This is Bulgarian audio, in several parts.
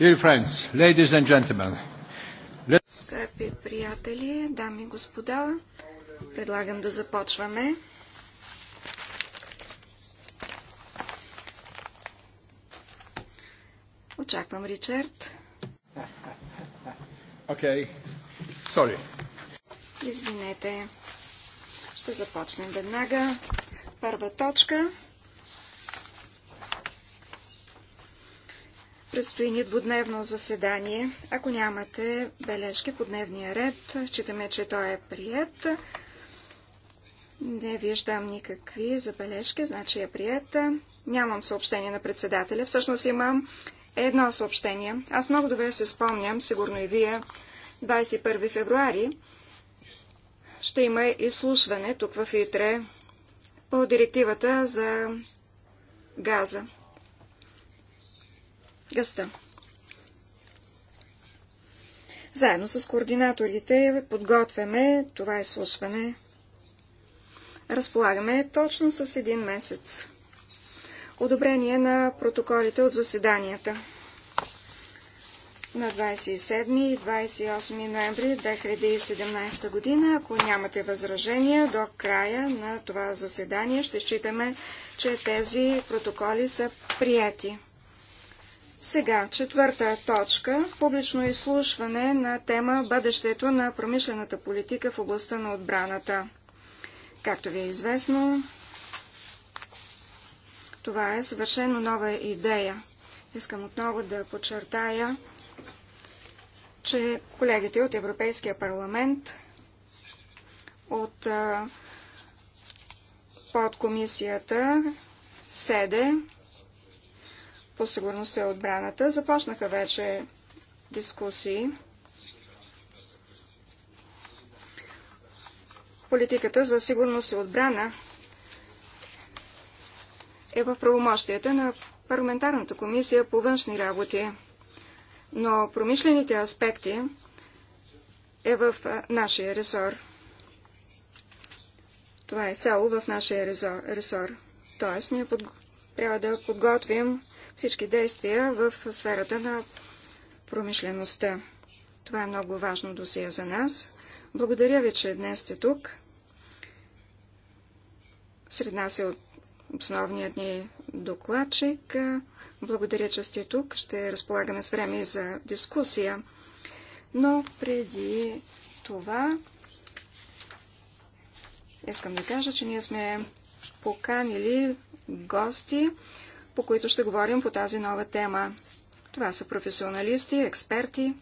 Dear friends, ladies and gentlemen. Скъпи приятели, дами и господа, предлагам да започваме. Очаквам Ричард. Окей. Okay. Sorry. Извинете. Ще започнем веднага. Първа точка – Предстои ни двудневно заседание. Ако нямате бележки по дневния ред, считаме, че той е прият. Не виждам никакви забележки, значи е прията. Нямам съобщение на председателя. Всъщност имам едно съобщение. Аз много добре се спомням, сигурно и вие, 21 февруари ще има изслушване тук в Итре по директивата за газа гъста. Заедно с координаторите подготвяме това изслушване. Разполагаме точно с един месец. Одобрение на протоколите от заседанията на 27 и 28 ноември 2017 година. Ако нямате възражения до края на това заседание, ще считаме, че тези протоколи са прияти. Сега, четвърта точка – публично изслушване на тема «Бъдещето на промишлената политика в областта на отбраната». Както ви е известно, това е съвършено нова идея. Искам отново да подчертая, че колегите от Европейския парламент, от подкомисията СЕДЕ, по сигурността и е отбраната. Започнаха вече дискусии. Политиката за сигурност и отбрана е в правомощията на парламентарната комисия по външни работи, но промишлените аспекти е в нашия ресор. Това е цяло в нашия ресор. Тоест, ние под... трябва да подготвим всички действия в сферата на промишлеността. Това е много важно досия за нас. Благодаря ви, че днес сте тук. Сред нас е основният ни докладчик. Благодаря, че сте тук. Ще разполагаме с време за дискусия. Но преди това искам да кажа, че ние сме поканили гости по които ще говорим по тази нова тема. Това са професионалисти, експерти.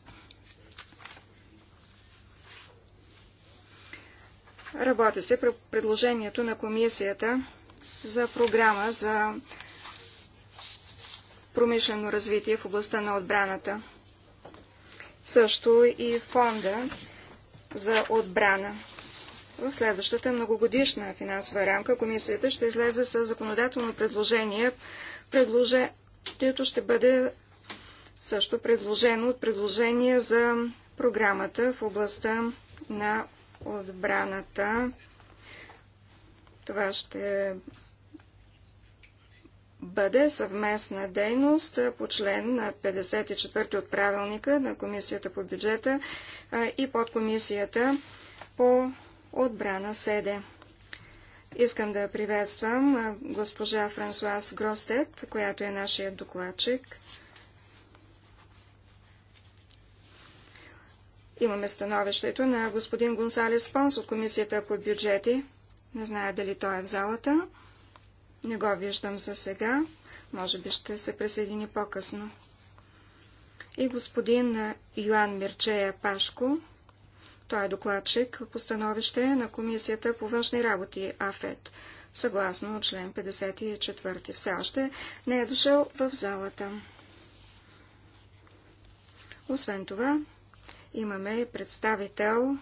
Работи се при предложението на комисията за програма за промишлено развитие в областта на отбраната. Също и фонда за отбрана. В следващата многогодишна финансова рамка комисията ще излезе с законодателно предложение Предложението ще бъде също предложено от предложение за програмата в областта на отбраната. Това ще бъде съвместна дейност по член на 54 от правилника на Комисията по бюджета и подкомисията по отбрана СЕДЕ. Искам да приветствам госпожа Франсуаз Гростет, която е нашия докладчик. Имаме становището на господин Гонсалес Понс от Комисията по бюджети. Не знае дали той е в залата. Не го виждам за сега. Може би ще се присъедини по-късно. И господин Йоан Мирчея Пашко, той е докладчик по становище на Комисията по външни работи АФЕД, съгласно член 54. Все още не е дошъл в залата. Освен това, имаме представител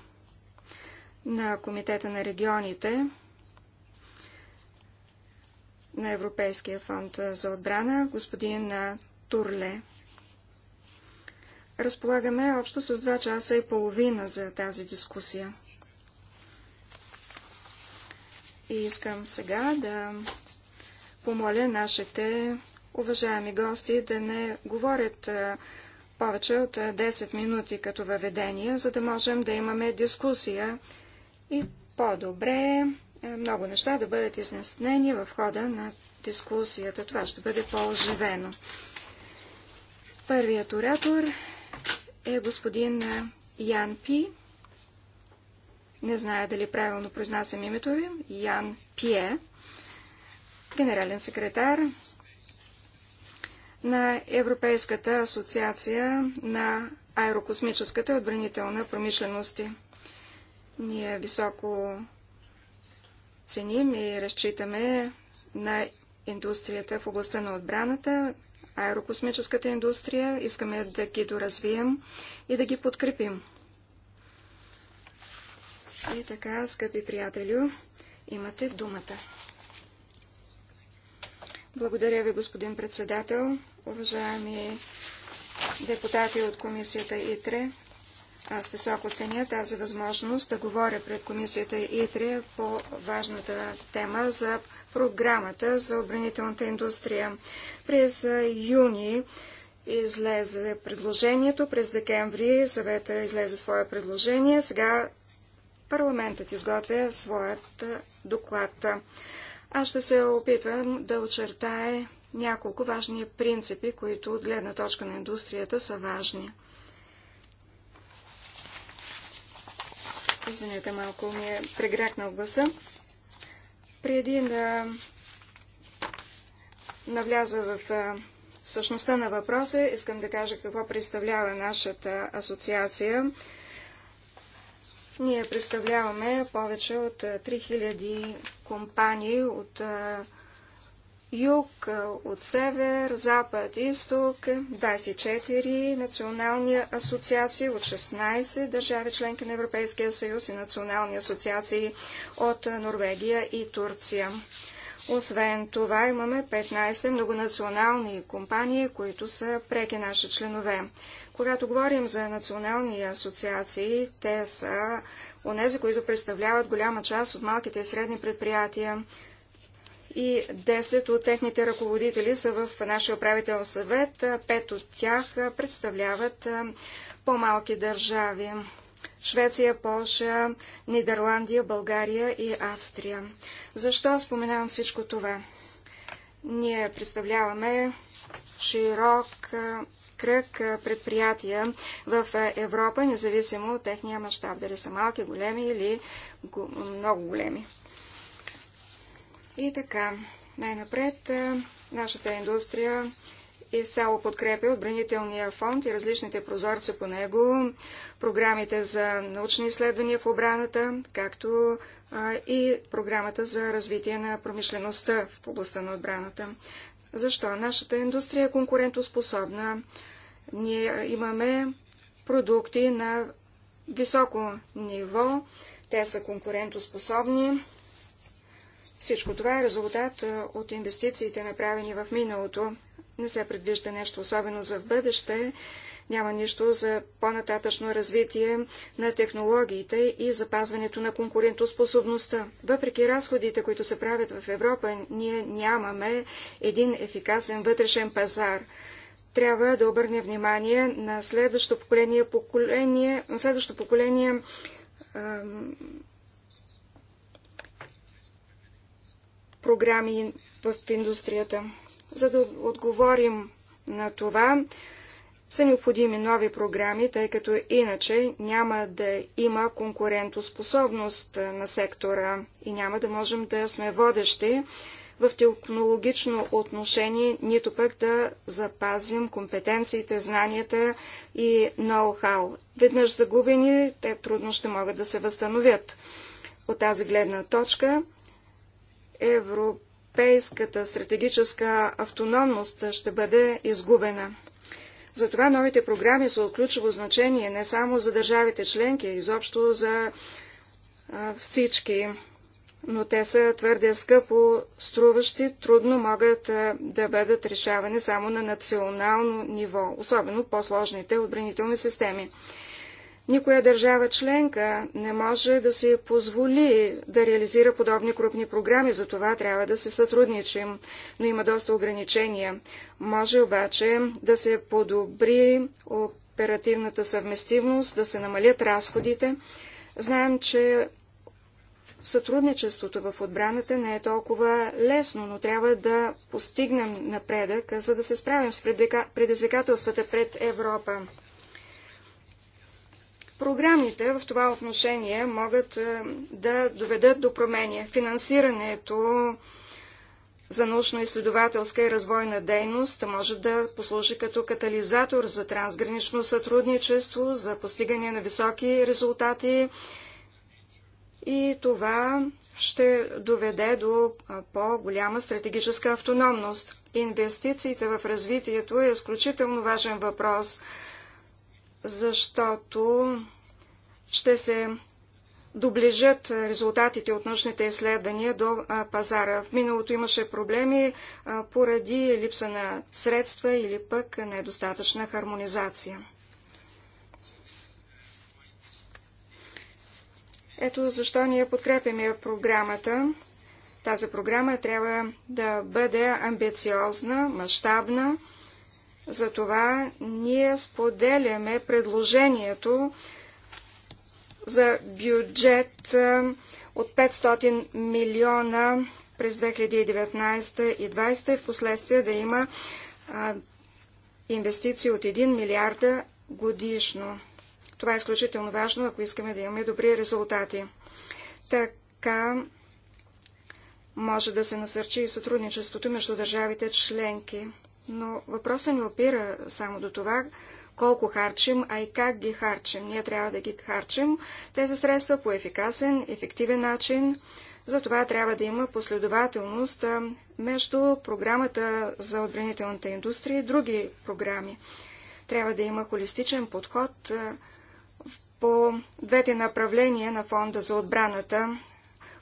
на Комитета на регионите на Европейския фонд за отбрана, господин Турле разполагаме общо с 2 часа и половина за тази дискусия. И искам сега да помоля нашите уважаеми гости да не говорят повече от 10 минути като въведение, за да можем да имаме дискусия и по-добре много неща да бъдат изнеснени в хода на дискусията. Това ще бъде по-оживено. Първият оратор е господин Ян Пи. Не зная дали правилно произнасям името ви. Ян Пие, генерален секретар на Европейската асоциация на аерокосмическата и отбранителна промишленост. Ние високо ценим и разчитаме на индустрията в областта на отбраната аерокосмическата индустрия, искаме да ги доразвием и да ги подкрепим. И така, скъпи приятелю, имате думата. Благодаря ви, господин председател, уважаеми депутати от комисията ИТРЕ. Аз високо ценя тази възможност да говоря пред комисията ИТРИ по важната тема за програмата за отбранителната индустрия. През юни излезе предложението, през декември съвета излезе свое предложение, сега парламентът изготвя своят доклад. Аз ще се опитвам да очертая няколко важни принципи, които от гледна точка на индустрията са важни – Извинете, малко ми е прегрякнал гласа. Преди да навляза в същността на въпроса, искам да кажа какво представлява нашата асоциация. Ние представляваме повече от 3000 компании от юг, от север, запад, изток, 24 национални асоциации от 16 държави членки на Европейския съюз и национални асоциации от Норвегия и Турция. Освен това имаме 15 многонационални компании, които са преки наши членове. Когато говорим за национални асоциации, те са онези, които представляват голяма част от малките и средни предприятия и 10 от техните ръководители са в нашия управител съвет. 5 от тях представляват по-малки държави. Швеция, Полша, Нидерландия, България и Австрия. Защо споменавам всичко това? Ние представляваме широк кръг предприятия в Европа, независимо от техния мащаб, дали са малки, големи или много големи. И така, най-напред нашата индустрия изцяло подкрепя отбранителния фонд и различните прозорци по него, програмите за научни изследвания в обраната, както а, и програмата за развитие на промишлеността в областта на отбраната. Защо? Нашата индустрия е конкурентоспособна. Ние имаме продукти на високо ниво, те са конкурентоспособни всичко това е резултат е, от инвестициите, направени в миналото. Не се предвижда нещо особено за в бъдеще. Няма нищо за по-нататъчно развитие на технологиите и запазването на конкурентоспособността. Въпреки разходите, които се правят в Европа, ние нямаме един ефикасен вътрешен пазар. Трябва да обърне внимание на следващото поколение, поколение, следващото поколение програми в индустрията. За да отговорим на това, са необходими нови програми, тъй като иначе няма да има конкурентоспособност на сектора и няма да можем да сме водещи в технологично отношение, нито пък да запазим компетенциите, знанията и ноу-хау. Веднъж загубени, те трудно ще могат да се възстановят. От тази гледна точка европейската стратегическа автономност ще бъде изгубена. Затова новите програми са от ключово значение не само за държавите членки, изобщо за всички, но те са твърде скъпо струващи, трудно могат да бъдат решавани само на национално ниво, особено по-сложните отбранителни системи. Никоя държава членка не може да си позволи да реализира подобни крупни програми, за това трябва да се сътрудничим, но има доста ограничения. Може обаче да се подобри оперативната съвместимост, да се намалят разходите. Знаем, че сътрудничеството в отбраната не е толкова лесно, но трябва да постигнем напредък, за да се справим с предизвикателствата пред Европа. Програмите в това отношение могат е, да доведат до промени. Финансирането за научно-изследователска и развойна дейност може да послужи като катализатор за трансгранично сътрудничество, за постигане на високи резултати и това ще доведе до по-голяма стратегическа автономност. Инвестициите в развитието е изключително важен въпрос – защото ще се доближат резултатите от научните изследвания до пазара. В миналото имаше проблеми поради липса на средства или пък недостатъчна хармонизация. Ето защо ние подкрепяме програмата. Тази програма трябва да бъде амбициозна, мащабна, затова ние споделяме предложението за бюджет е, от 500 милиона през 2019 и 2020 и в последствие да има инвестиции от 1 милиарда годишно. Това е изключително важно, ако искаме да имаме добри резултати. Така може да се насърчи и сътрудничеството между държавите членки но въпросът не опира само до това, колко харчим, а и как ги харчим. Ние трябва да ги харчим тези средства по ефикасен, ефективен начин. Затова трябва да има последователност между програмата за отбранителната индустрия и други програми. Трябва да има холистичен подход по двете направления на Фонда за отбраната.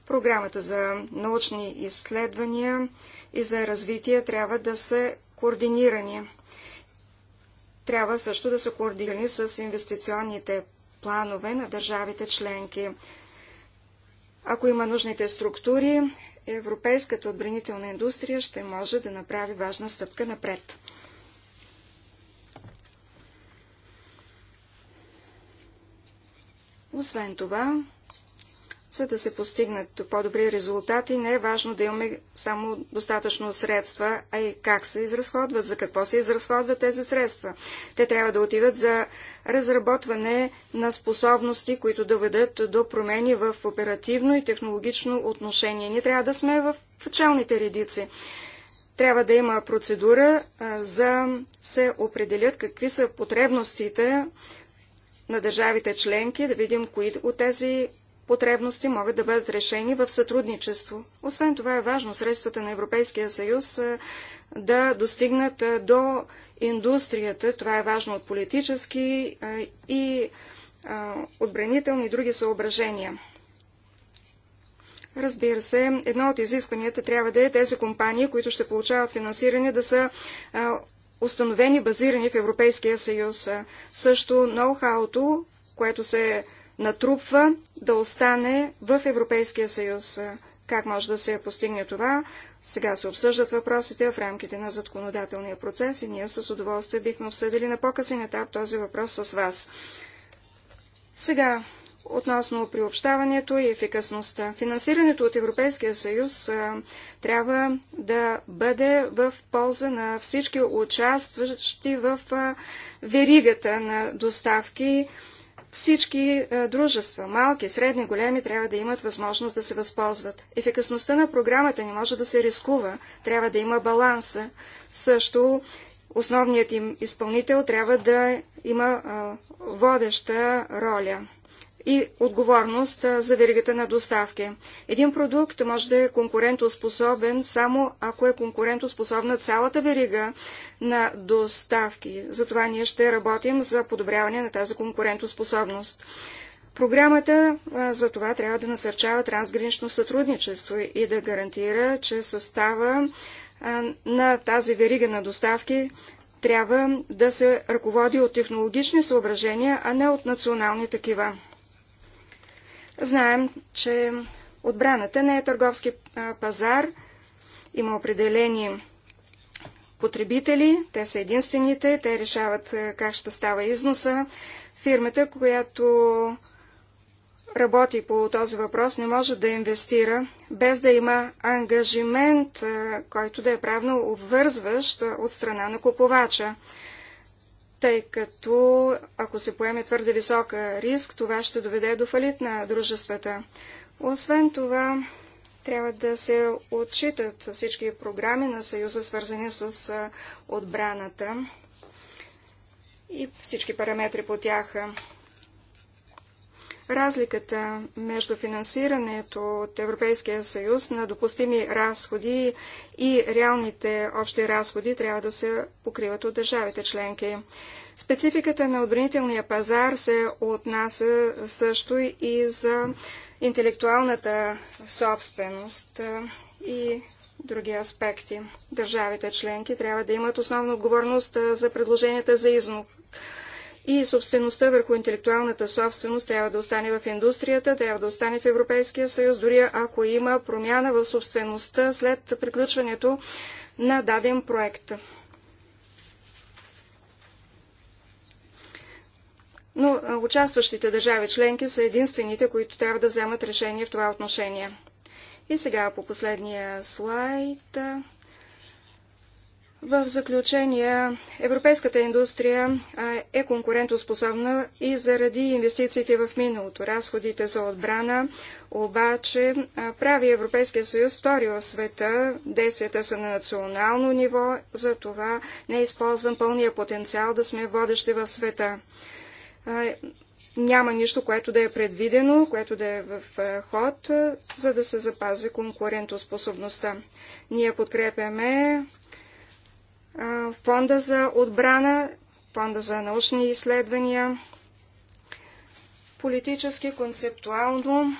Програмата за научни изследвания и за развитие трябва да се координирани. Трябва също да са координирани с инвестиционните планове на държавите членки. Ако има нужните структури, европейската отбранителна индустрия ще може да направи важна стъпка напред. Освен това, за да се постигнат по-добри резултати, не е важно да имаме само достатъчно средства, а и как се изразходват, за какво се изразходват тези средства. Те трябва да отиват за разработване на способности, които да ведат до промени в оперативно и технологично отношение. Ние трябва да сме в челните редици трябва да има процедура за се определят какви са потребностите на държавите членки, да видим кои от тези потребности могат да бъдат решени в сътрудничество. Освен това е важно средствата на Европейския съюз да достигнат до индустрията. Това е важно от политически и отбранителни и други съображения. Разбира се, едно от изискванията трябва да е тези компании, които ще получават финансиране, да са установени, базирани в Европейския съюз. Също ноу-хауто, което се натрупва, да остане в Европейския съюз. Как може да се постигне това? Сега се обсъждат въпросите в рамките на законодателния процес и ние с удоволствие бихме обсъдили на по-късен етап този въпрос с вас. Сега, относно приобщаването и ефикасността. Финансирането от Европейския съюз а, трябва да бъде в полза на всички участващи в а, веригата на доставки всички е, дружества, малки, средни, големи, трябва да имат възможност да се възползват. Ефикасността на програмата не може да се рискува, трябва да има баланса. Също основният им изпълнител трябва да има е, водеща роля и отговорност за веригата на доставки. Един продукт може да е конкурентоспособен само ако е конкурентоспособна цялата верига на доставки. Затова ние ще работим за подобряване на тази конкурентоспособност. Програмата за това трябва да насърчава трансгранично сътрудничество и да гарантира, че състава на тази верига на доставки трябва да се ръководи от технологични съображения, а не от национални такива. Знаем, че отбраната не е търговски пазар. Има определени потребители, те са единствените, те решават как ще става износа. Фирмата, която работи по този въпрос, не може да инвестира без да има ангажимент, който да е правно обвързващ от страна на купувача тъй като ако се поеме твърде висока риск, това ще доведе до фалит на дружествата. Освен това, трябва да се отчитат всички програми на Съюза, свързани с отбраната и всички параметри по тях. Разликата между финансирането от Европейския съюз на допустими разходи и реалните общи разходи трябва да се покриват от държавите членки. Спецификата на отбранителния пазар се отнася също и за интелектуалната собственост и други аспекти. Държавите членки трябва да имат основна отговорност за предложенията за износ и собствеността върху интелектуалната собственост трябва да остане в индустрията, трябва да остане в Европейския съюз, дори ако има промяна в собствеността след приключването на даден проект. Но участващите държави членки са единствените, които трябва да вземат решение в това отношение. И сега по последния слайд. В заключение, европейската индустрия е конкурентоспособна и заради инвестициите в миналото. Разходите за отбрана обаче прави Европейския съюз втори в света. Действията са на национално ниво, за това не използвам пълния потенциал да сме водещи в света. Няма нищо, което да е предвидено, което да е в ход, за да се запази конкурентоспособността. Ние подкрепяме фонда за отбрана, фонда за научни изследвания, политически, концептуално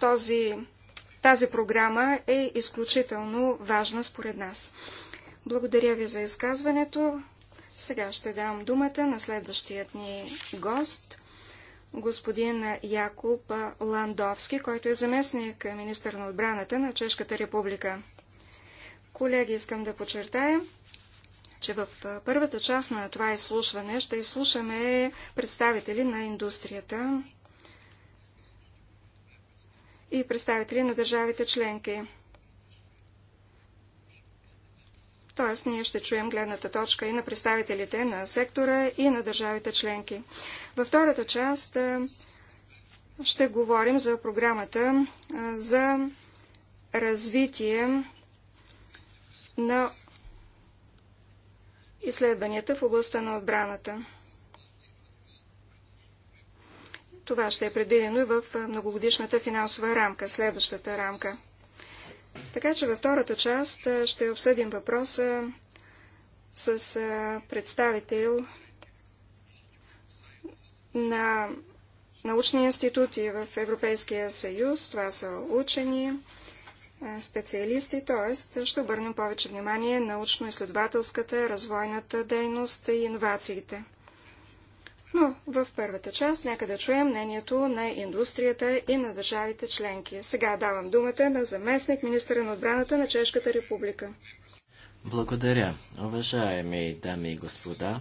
този, тази програма е изключително важна според нас. Благодаря ви за изказването. Сега ще дам думата на следващият ни гост, господин Якуб Ландовски, който е заместник министър на отбраната на Чешката република. Колеги, искам да подчертая, че в първата част на това изслушване ще изслушаме представители на индустрията и представители на държавите членки. Тоест, ние ще чуем гледната точка и на представителите на сектора и на държавите членки. Във втората част ще говорим за програмата за развитие на изследванията в областта на отбраната. Това ще е предвидено и в многогодишната финансова рамка, следващата рамка. Така че във втората част ще обсъдим въпроса с представител на научни институти в Европейския съюз. Това са учени, специалисти, т.е. ще обърнем повече внимание на научно-изследователската, развойната дейност и иновациите. Но в първата част нека да чуем мнението на индустрията и на държавите членки. Сега давам думата на заместник министра на отбраната на Чешката република. Благодаря, уважаеми дами и господа.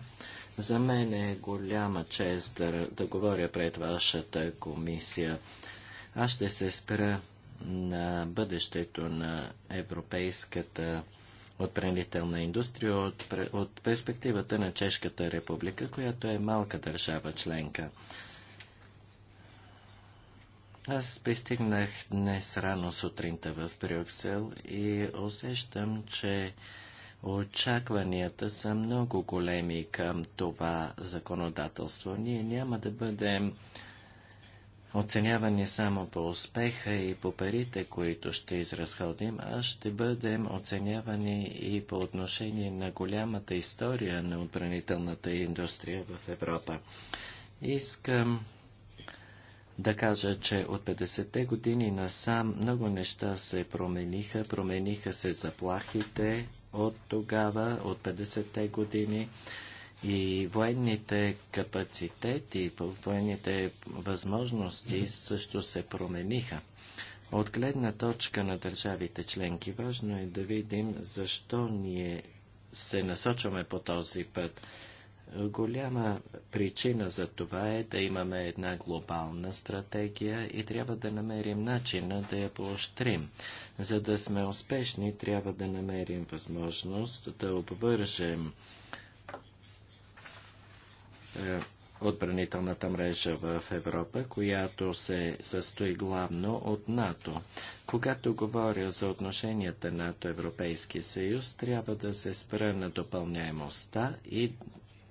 За мен е голяма чест да, да говоря пред вашата комисия. Аз ще се спра на бъдещето на европейската отбранителна индустрия от, от перспективата на Чешката република, която е малка държава членка. Аз пристигнах днес рано сутринта в Брюксел и усещам, че очакванията са много големи към това законодателство. Ние няма да бъдем оценявани само по успеха и по парите, които ще изразходим, а ще бъдем оценявани и по отношение на голямата история на отбранителната индустрия в Европа. Искам да кажа, че от 50-те години насам много неща се промениха. Промениха се заплахите от тогава, от 50-те години. И военните капацитети, военните възможности също се промениха. От гледна точка на държавите членки важно е да видим защо ние се насочваме по този път. Голяма причина за това е да имаме една глобална стратегия и трябва да намерим начина да я поощрим. За да сме успешни, трябва да намерим възможност да обвържем е, отбранителната мрежа в Европа, която се състои главно от НАТО. Когато говоря за отношенията НАТО-Европейски съюз, трябва да се спра на допълняемостта и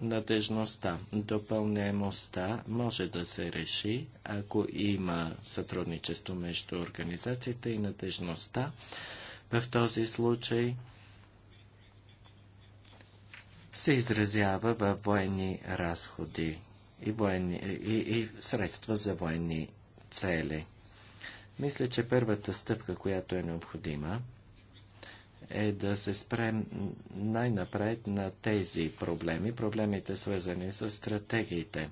надежността. Допълняемостта може да се реши, ако има сътрудничество между организацията и надежността. В този случай се изразява в военни разходи и, военни, и, и средства за военни цели. Мисля, че първата стъпка, която е необходима, е да се спрем най-напред на тези проблеми, проблемите свързани с стратегиите.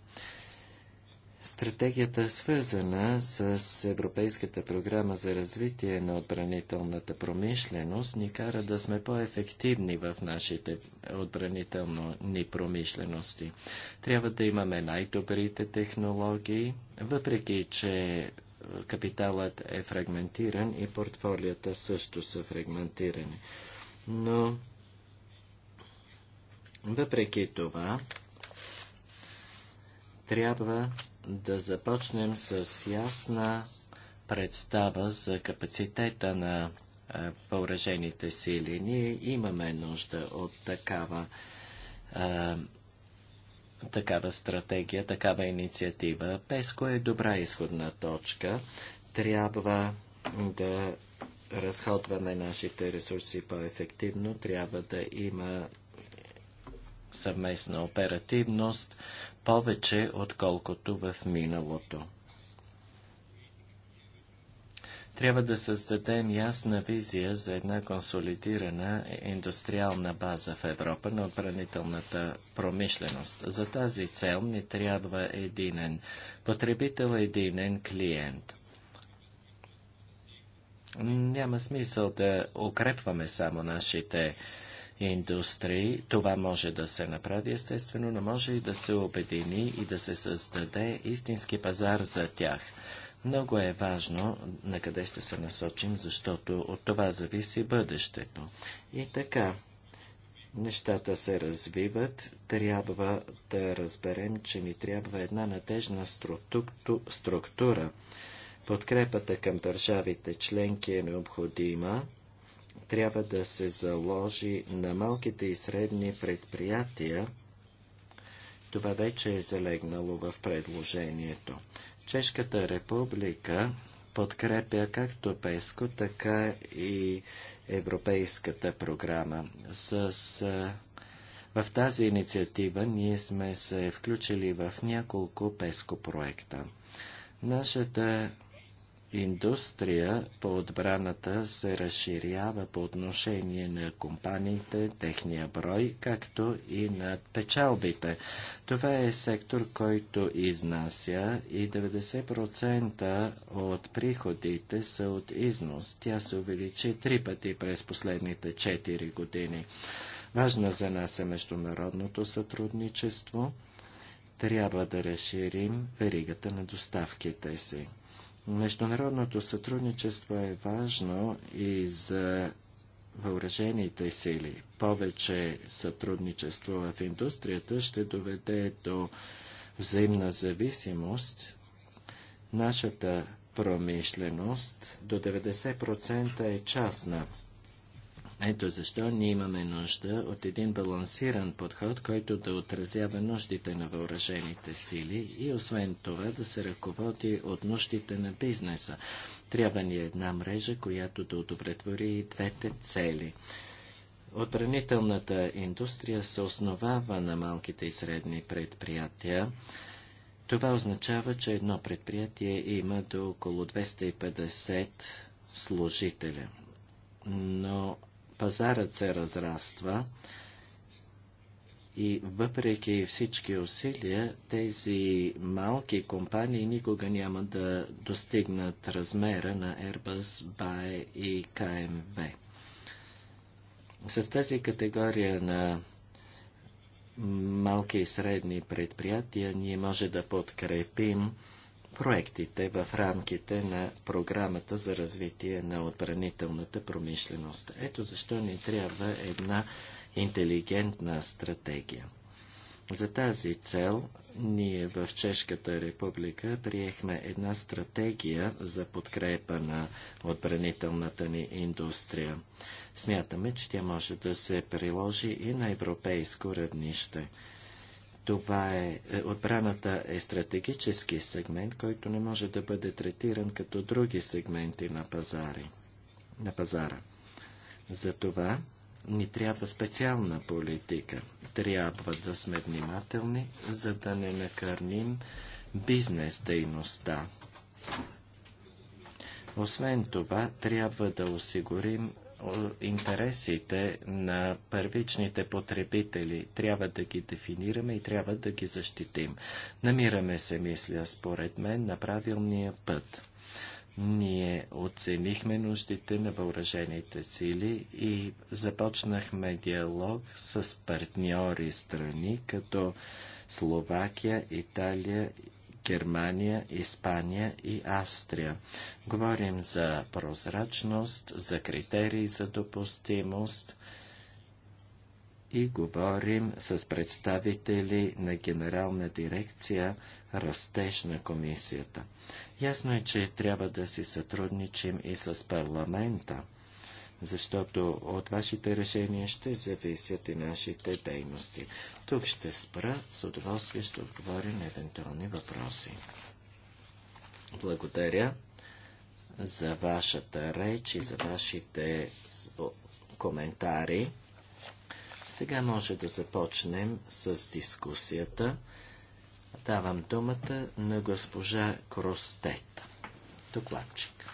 Стратегията е свързана с Европейската програма за развитие на отбранителната промишленост, ни кара да сме по-ефективни в нашите отбранителни промишлености. Трябва да имаме най-добрите технологии, въпреки че капиталът е фрагментиран и портфолията също са фрагментирани. Но въпреки това, трябва да започнем с ясна представа за капацитета на въоръжените сили. Ние имаме нужда от такава, а, такава стратегия, такава инициатива. ПЕСКО е добра изходна точка. Трябва да разходваме нашите ресурси по-ефективно, трябва да има съвместна оперативност, повече, отколкото в миналото. Трябва да създадем ясна визия за една консолидирана индустриална база в Европа на отбранителната промишленост. За тази цел ни трябва единен потребител, единен клиент. Няма смисъл да укрепваме само нашите индустрии. Това може да се направи естествено, но може и да се обедини и да се създаде истински пазар за тях. Много е важно на къде ще се насочим, защото от това зависи бъдещето. И така, нещата се развиват, трябва да разберем, че ни трябва една надежна структура. Подкрепата към държавите членки е необходима, трябва да се заложи на малките и средни предприятия. Това вече е залегнало в предложението. Чешката република подкрепя както ПЕСКО, така и Европейската програма. С, в тази инициатива ние сме се включили в няколко ПЕСКО проекта. Нашата индустрия по отбраната се разширява по отношение на компаниите, техния брой, както и на печалбите. Това е сектор, който изнася и 90% от приходите са от износ. Тя се увеличи три пъти през последните 4 години. Важна за нас е международното сътрудничество. Трябва да разширим веригата на доставките си. Международното сътрудничество е важно и за въоръжените сили. Повече сътрудничество в индустрията ще доведе до взаимна зависимост. Нашата промишленост до 90% е частна. Ето защо ние имаме нужда от един балансиран подход, който да отразява нуждите на въоръжените сили и освен това да се ръководи от нуждите на бизнеса. Трябва ни една мрежа, която да удовлетвори и двете цели. Отбранителната индустрия се основава на малките и средни предприятия. Това означава, че едно предприятие има до около 250 служителя. Но пазарът се разраства и въпреки всички усилия, тези малки компании никога няма да достигнат размера на Airbus, BAE и KMV. С тази категория на малки и средни предприятия ние може да подкрепим проектите в рамките на програмата за развитие на отбранителната промишленост. Ето защо ни трябва една интелигентна стратегия. За тази цел ние в Чешката република приехме една стратегия за подкрепа на отбранителната ни индустрия. Смятаме, че тя може да се приложи и на европейско равнище. Това е, е, отбраната е стратегически сегмент, който не може да бъде третиран като други сегменти на, пазари, на пазара. Затова ни трябва специална политика. Трябва да сме внимателни, за да не накърним бизнес дейността. Освен това, трябва да осигурим интересите на първичните потребители. Трябва да ги дефинираме и трябва да ги защитим. Намираме се, мисля, според мен, на правилния път. Ние оценихме нуждите на въоръжените сили и започнахме диалог с партньори страни, като Словакия, Италия Германия, Испания и Австрия. Говорим за прозрачност, за критерии за допустимост и говорим с представители на Генерална дирекция Растеж на комисията. Ясно е, че трябва да си сътрудничим и с парламента, защото от вашите решения ще зависят и нашите дейности. Тук ще спра, с удоволствие ще отговоря на евентуални въпроси. Благодаря за вашата реч и за вашите коментари. Сега може да започнем с дискусията. Давам думата на госпожа Кростет. докладчик.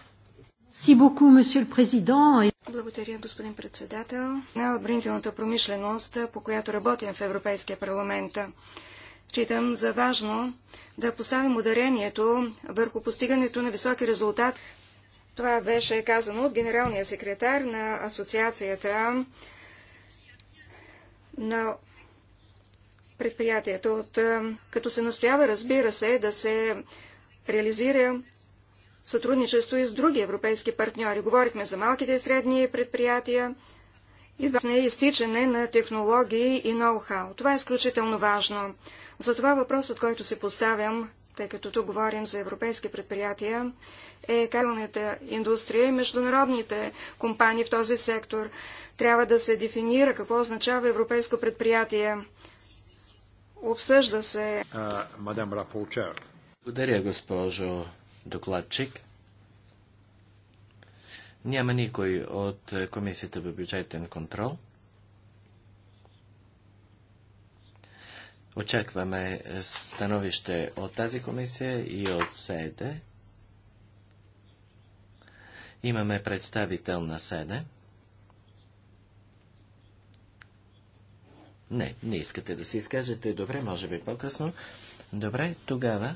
Си beaucoup, monsieur благодаря, господин председател. На отбранителната промишленост, по която работим в Европейския парламент. Читам за важно да поставим ударението върху постигането на високи резултат. Това беше казано от генералния секретар на Асоциацията на предприятието, от, е, като се настоява, разбира се, да се реализира сътрудничество и с други европейски партньори. Говорихме за малките и средни предприятия и на изтичане на технологии и ноу-хау. Това е изключително важно. Затова въпросът, който се поставям, тъй като тук говорим за европейски предприятия, е кабелната индустрия и международните компании в този сектор. Трябва да се дефинира какво означава европейско предприятие. Обсъжда се. мадам Рапорчер. Благодаря, госпожо докладчик. Няма никой от Комисията по бюджетен контрол. Очакваме становище от тази комисия и от СЕДЕ. Имаме представител на СЕДЕ. Не, не искате да се изкажете. Добре, може би по-късно. Добре, тогава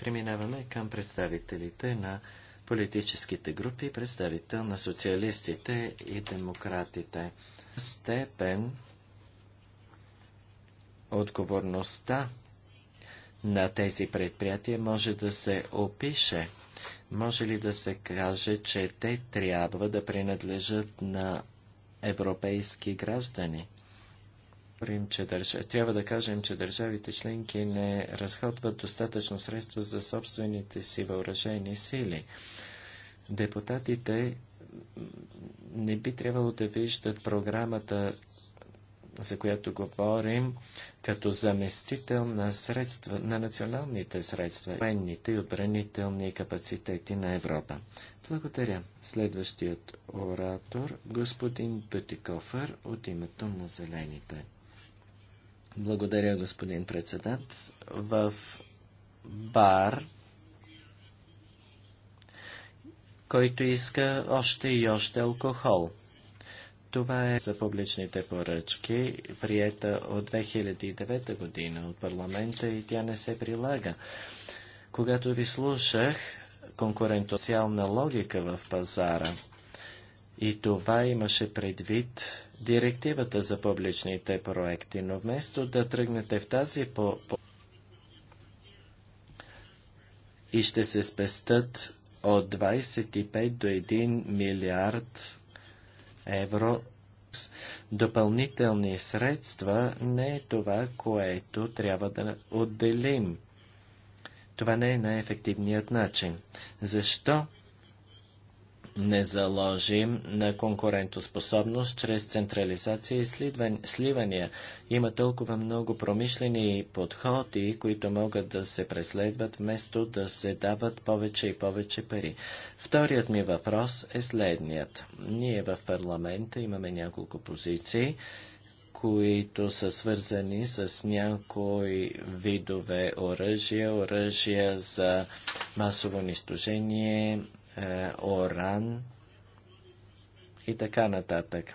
Преминаваме към представителите на политическите групи, представител на социалистите и демократите. Степен отговорността на тези предприятия може да се опише. Може ли да се каже, че те трябва да принадлежат на европейски граждани? говорим, че държ... трябва да кажем, че държавите членки не разходват достатъчно средства за собствените си въоръжени сили. Депутатите не би трябвало да виждат програмата, за която говорим, като заместител на, средства, на националните средства, военните и отбранителни капацитети на Европа. Благодаря. Следващият оратор, господин Петикофър от името на Зелените. Благодаря, господин председат. В бар, който иска още и още алкохол. Това е за публичните поръчки, приета от 2009 година от парламента и тя не се прилага. Когато ви слушах конкурентоциална логика в пазара – и това имаше предвид директивата за публичните проекти, но вместо да тръгнете в тази по... по и ще се спестат от 25 до 1 милиард евро допълнителни средства не е това, което трябва да отделим. Това не е най-ефективният начин. Защо не заложим на конкурентоспособност чрез централизация и сливания. Има толкова много промишлени подходи, които могат да се преследват, вместо да се дават повече и повече пари. Вторият ми въпрос е следният. Ние в парламента имаме няколко позиции, които са свързани с някои видове оръжия, оръжия за масово унищожение, е, оран и така нататък.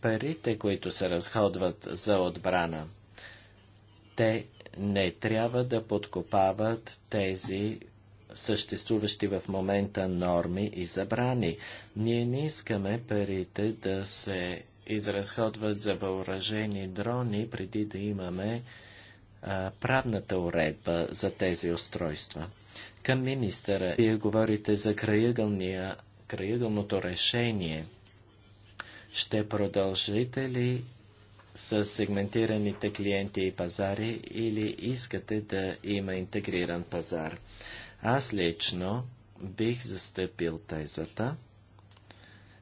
Парите, които се разходват за отбрана, те не трябва да подкопават тези съществуващи в момента норми и забрани. Ние не искаме парите да се изразходват за въоръжени дрони, преди да имаме а, правната уредба за тези устройства към министъра. Вие говорите за краегълното решение. Ще продължите ли с сегментираните клиенти и пазари или искате да има интегриран пазар? Аз лично бих застъпил тезата.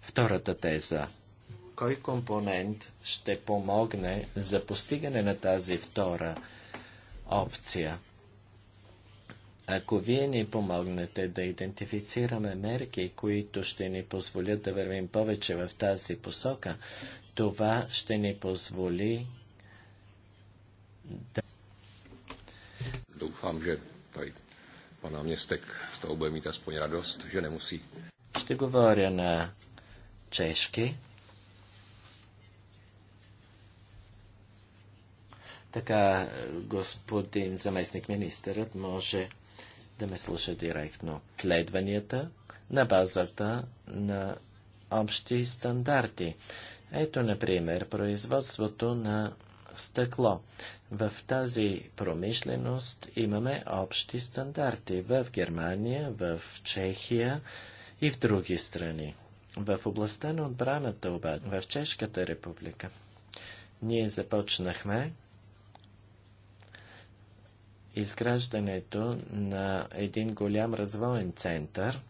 Втората теза. Кой компонент ще помогне за постигане на тази втора опция? Ако вие ни помогнете да идентифицираме мерки, които ще ни позволят да вървим повече в тази посока, това ще ни позволи да... Doufám, že tady pan náměstek z toho bude mít радост, че не муси. Ще говоря на чешки. Така господин заместник министърът може да ме слуша директно. Следванията на базата на общи стандарти. Ето, например, производството на стъкло. В тази промишленост имаме общи стандарти в Германия, в Чехия и в други страни. В областта на отбраната обаче, в Чешката република, ние започнахме изграждането на един голям развоен център.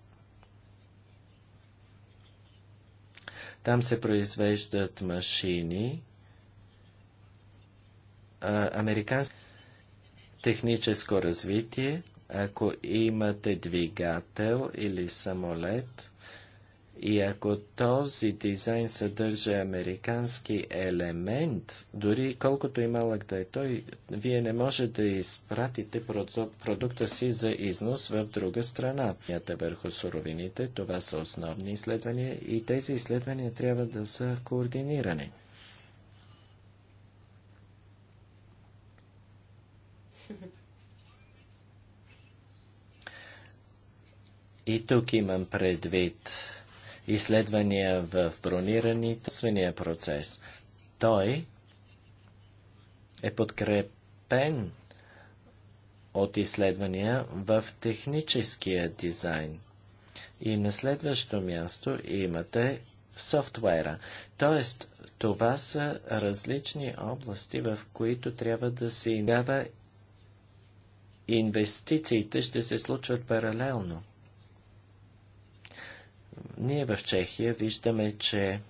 Там се произвеждат машини, американско техническо развитие, ако имате двигател или самолет, и ако този дизайн съдържа американски елемент, дори колкото и малък да е той, вие не може да изпратите продукта си за износ в друга страна. Мята върху суровините, това са основни изследвания и тези изследвания трябва да са координирани. И тук имам предвид изследвания в бронирани тъствения процес. Той е подкрепен от изследвания в техническия дизайн. И на следващо място имате софтуера. Тоест, това са различни области, в които трябва да се дава инвестициите ще се случват паралелно. Ние в Чехия виждаме, че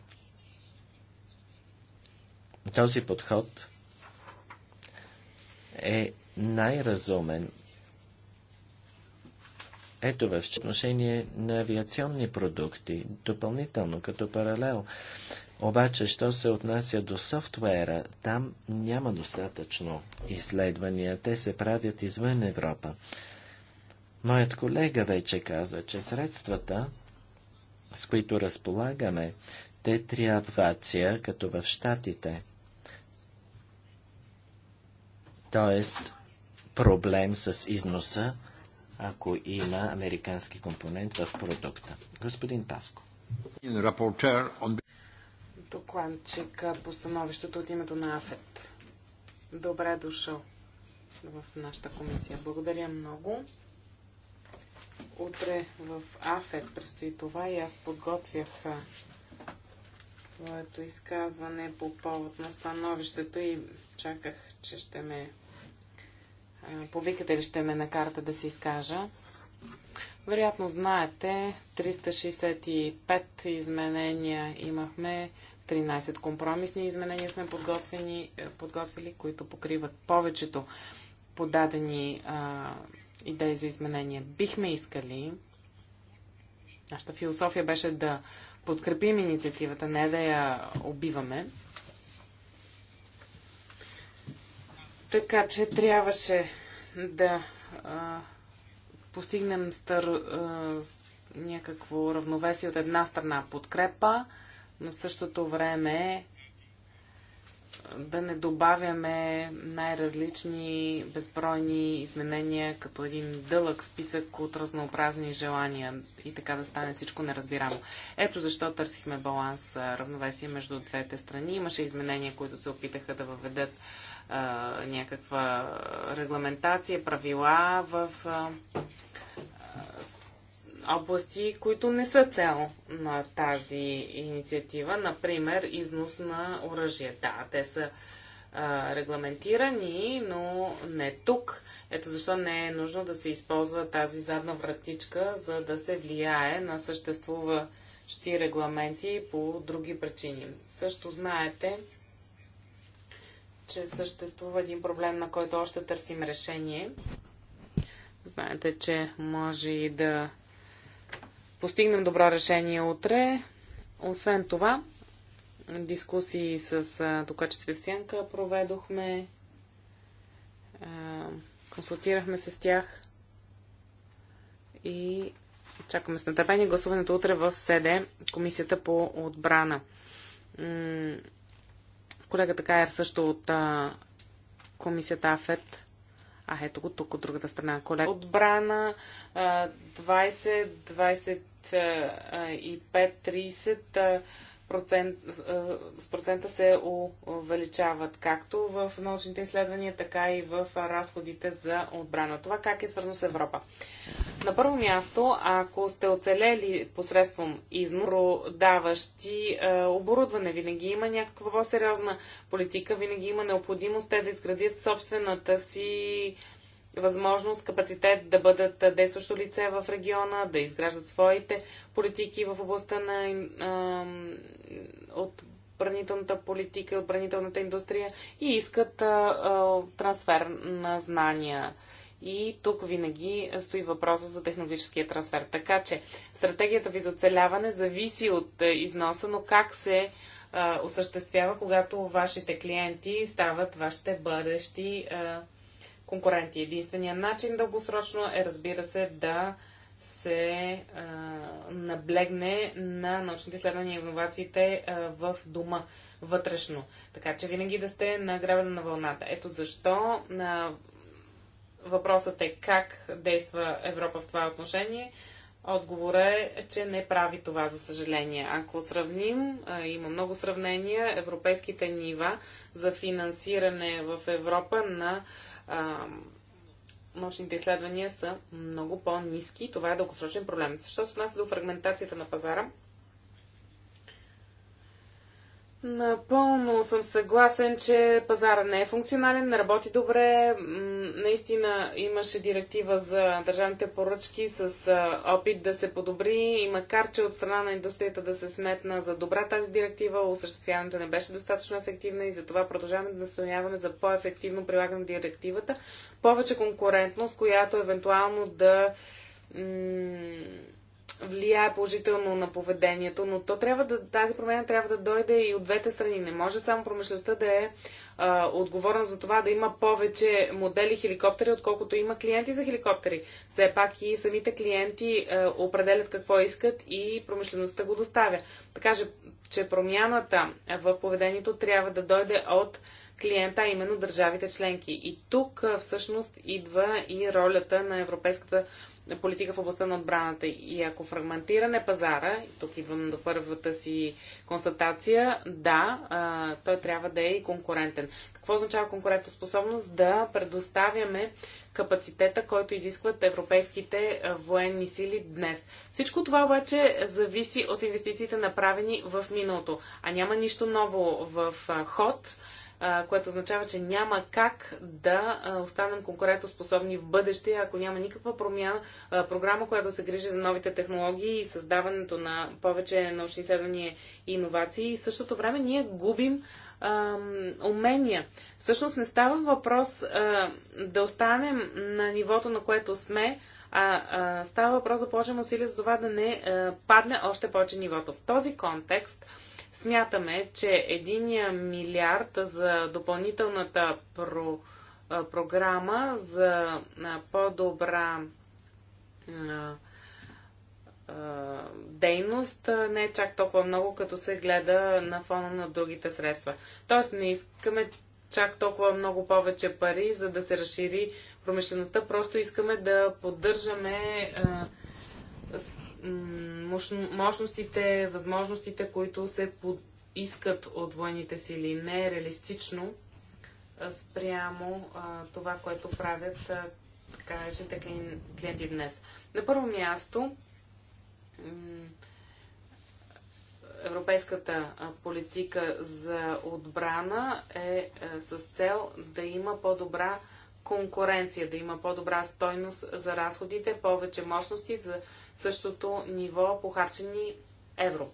този подход е най-разумен. Ето в отношение на авиационни продукти, допълнително като паралел. Обаче, що се отнася до софтуера, там няма достатъчно изследвания. Те се правят извън Европа. Моят колега вече каза, че средствата с които разполагаме, те трябва сия, като в щатите. Тоест, проблем с износа, ако има американски компонент в продукта. Господин Паско. Докладчик по становището от името на АФЕТ. Добре дошъл в нашата комисия. Благодаря много. Утре в Афет предстои това и аз подготвях своето изказване по повод на становището и чаках, че ще ме повикате ли ще ме накарате да се изкажа. Вероятно знаете, 365 изменения имахме, 13 компромисни изменения сме подготвили, които покриват повечето подадени а, идеи за изменения. Бихме искали, нашата философия беше да подкрепим инициативата, не да я убиваме. Така че трябваше да а, постигнем стър, а, някакво равновесие от една страна подкрепа, но в същото време да не добавяме най-различни безбройни изменения като един дълъг списък от разнообразни желания и така да стане всичко неразбирамо. Ето защо търсихме баланс, равновесие между двете страни. Имаше изменения, които се опитаха да въведат а, някаква регламентация, правила в а, области, които не са цел на тази инициатива, например износ на оръжие. Да, те са а, регламентирани, но не тук. Ето защо не е нужно да се използва тази задна вратичка, за да се влияе на съществуващи регламенти по други причини. Също знаете, че съществува един проблем, на който още търсим решение. Знаете, че може и да постигнем добро решение утре. Освен това, дискусии с докачите в сянка проведохме, консултирахме се с тях и чакаме с нетърпение гласуването утре в СЕДЕ, Комисията по отбрана. Колегата Кайер също от Комисията АФЕТ а ето го тук от другата страна. Колега отбрана 20, 20, 25-30 с процента се увеличават както в научните изследвания, така и в разходите за отбрана. Това как е свързано с Европа? На първо място, ако сте оцелели посредством изнородаващи даващи е, оборудване, винаги има някаква по-сериозна политика, винаги има необходимост те да изградят собствената си възможност, капацитет да бъдат действащо лице в региона, да изграждат своите политики в областта на а, отбранителната политика, отбранителната индустрия и искат а, а, трансфер на знания. И тук винаги стои въпроса за технологическия трансфер. Така че стратегията ви за оцеляване зависи от износа, но как се а, осъществява, когато вашите клиенти стават вашите бъдещи а, конкуренти. Единственият начин дългосрочно е, разбира се, да се а, наблегне на научните изследвания и иновациите а, в дома, вътрешно. Така че винаги да сте на гребена на вълната. Ето защо а, въпросът е как действа Европа в това отношение. Отговорът е, че не прави това, за съжаление. Ако сравним, има много сравнения, европейските нива за финансиране в Европа на а, научните изследвания са много по-низки. Това е дългосрочен проблем. Защо се отнася до фрагментацията на пазара? Напълно съм съгласен, че пазара не е функционален, не работи добре. Наистина имаше директива за държавните поръчки с опит да се подобри и макар, че от страна на индустрията да се сметна за добра тази директива, осъществяването не беше достатъчно ефективна и затова продължаваме да настояваме за по-ефективно прилагане на директивата, повече конкурентност, която евентуално да влияе положително на поведението, но то трябва да, тази промяна трябва да дойде и от двете страни. Не може само промишлеността да е а, отговорна за това да има повече модели хеликоптери, отколкото има клиенти за хеликоптери. Все пак и самите клиенти а, определят какво искат и промишлеността го доставя. Така че промяната в поведението трябва да дойде от клиента, а именно държавите членки. И тук всъщност идва и ролята на Европейската политика в областта на отбраната. И ако фрагментиране пазара, тук идвам до първата си констатация, да, а, той трябва да е и конкурентен. Какво означава конкурентоспособност? Да предоставяме капацитета, който изискват европейските военни сили днес. Всичко това обаче зависи от инвестициите направени в миналото, а няма нищо ново в ход което означава, че няма как да останем конкурентоспособни в бъдеще, ако няма никаква промяна, програма, която се грижи за новите технологии и създаването на повече научни изследвания и иновации. И същото време ние губим умения. Всъщност не става въпрос да останем на нивото, на което сме, а, става въпрос да положим усилия за това да не падне още повече нивото. В този контекст Смятаме, че единия милиард за допълнителната про, а, програма за по-добра дейност не е чак толкова много, като се гледа на фона на другите средства. Тоест не искаме чак толкова много повече пари, за да се разшири промишлеността. Просто искаме да поддържаме а, с, мощностите, възможностите, които се искат от военните сили. Не е реалистично спрямо това, което правят така наречените клиенти днес. На първо място, европейската политика за отбрана е с цел да има по-добра конкуренция, да има по-добра стойност за разходите, повече мощности за същото ниво похарчени евро.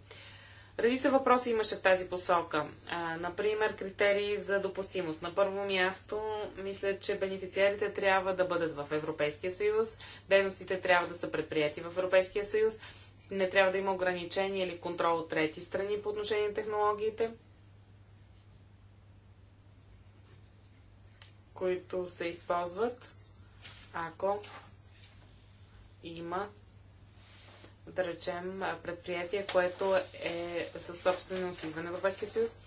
Редица въпроси имаше в тази посока. А, например, критерии за допустимост. На първо място, мисля, че бенефициарите трябва да бъдат в Европейския съюз, дейностите трябва да са предприяти в Европейския съюз, не трябва да има ограничения или контрол от трети страни по отношение на технологиите, които се използват, ако има да речем, предприятие, което е със собственост извън Европейския съюз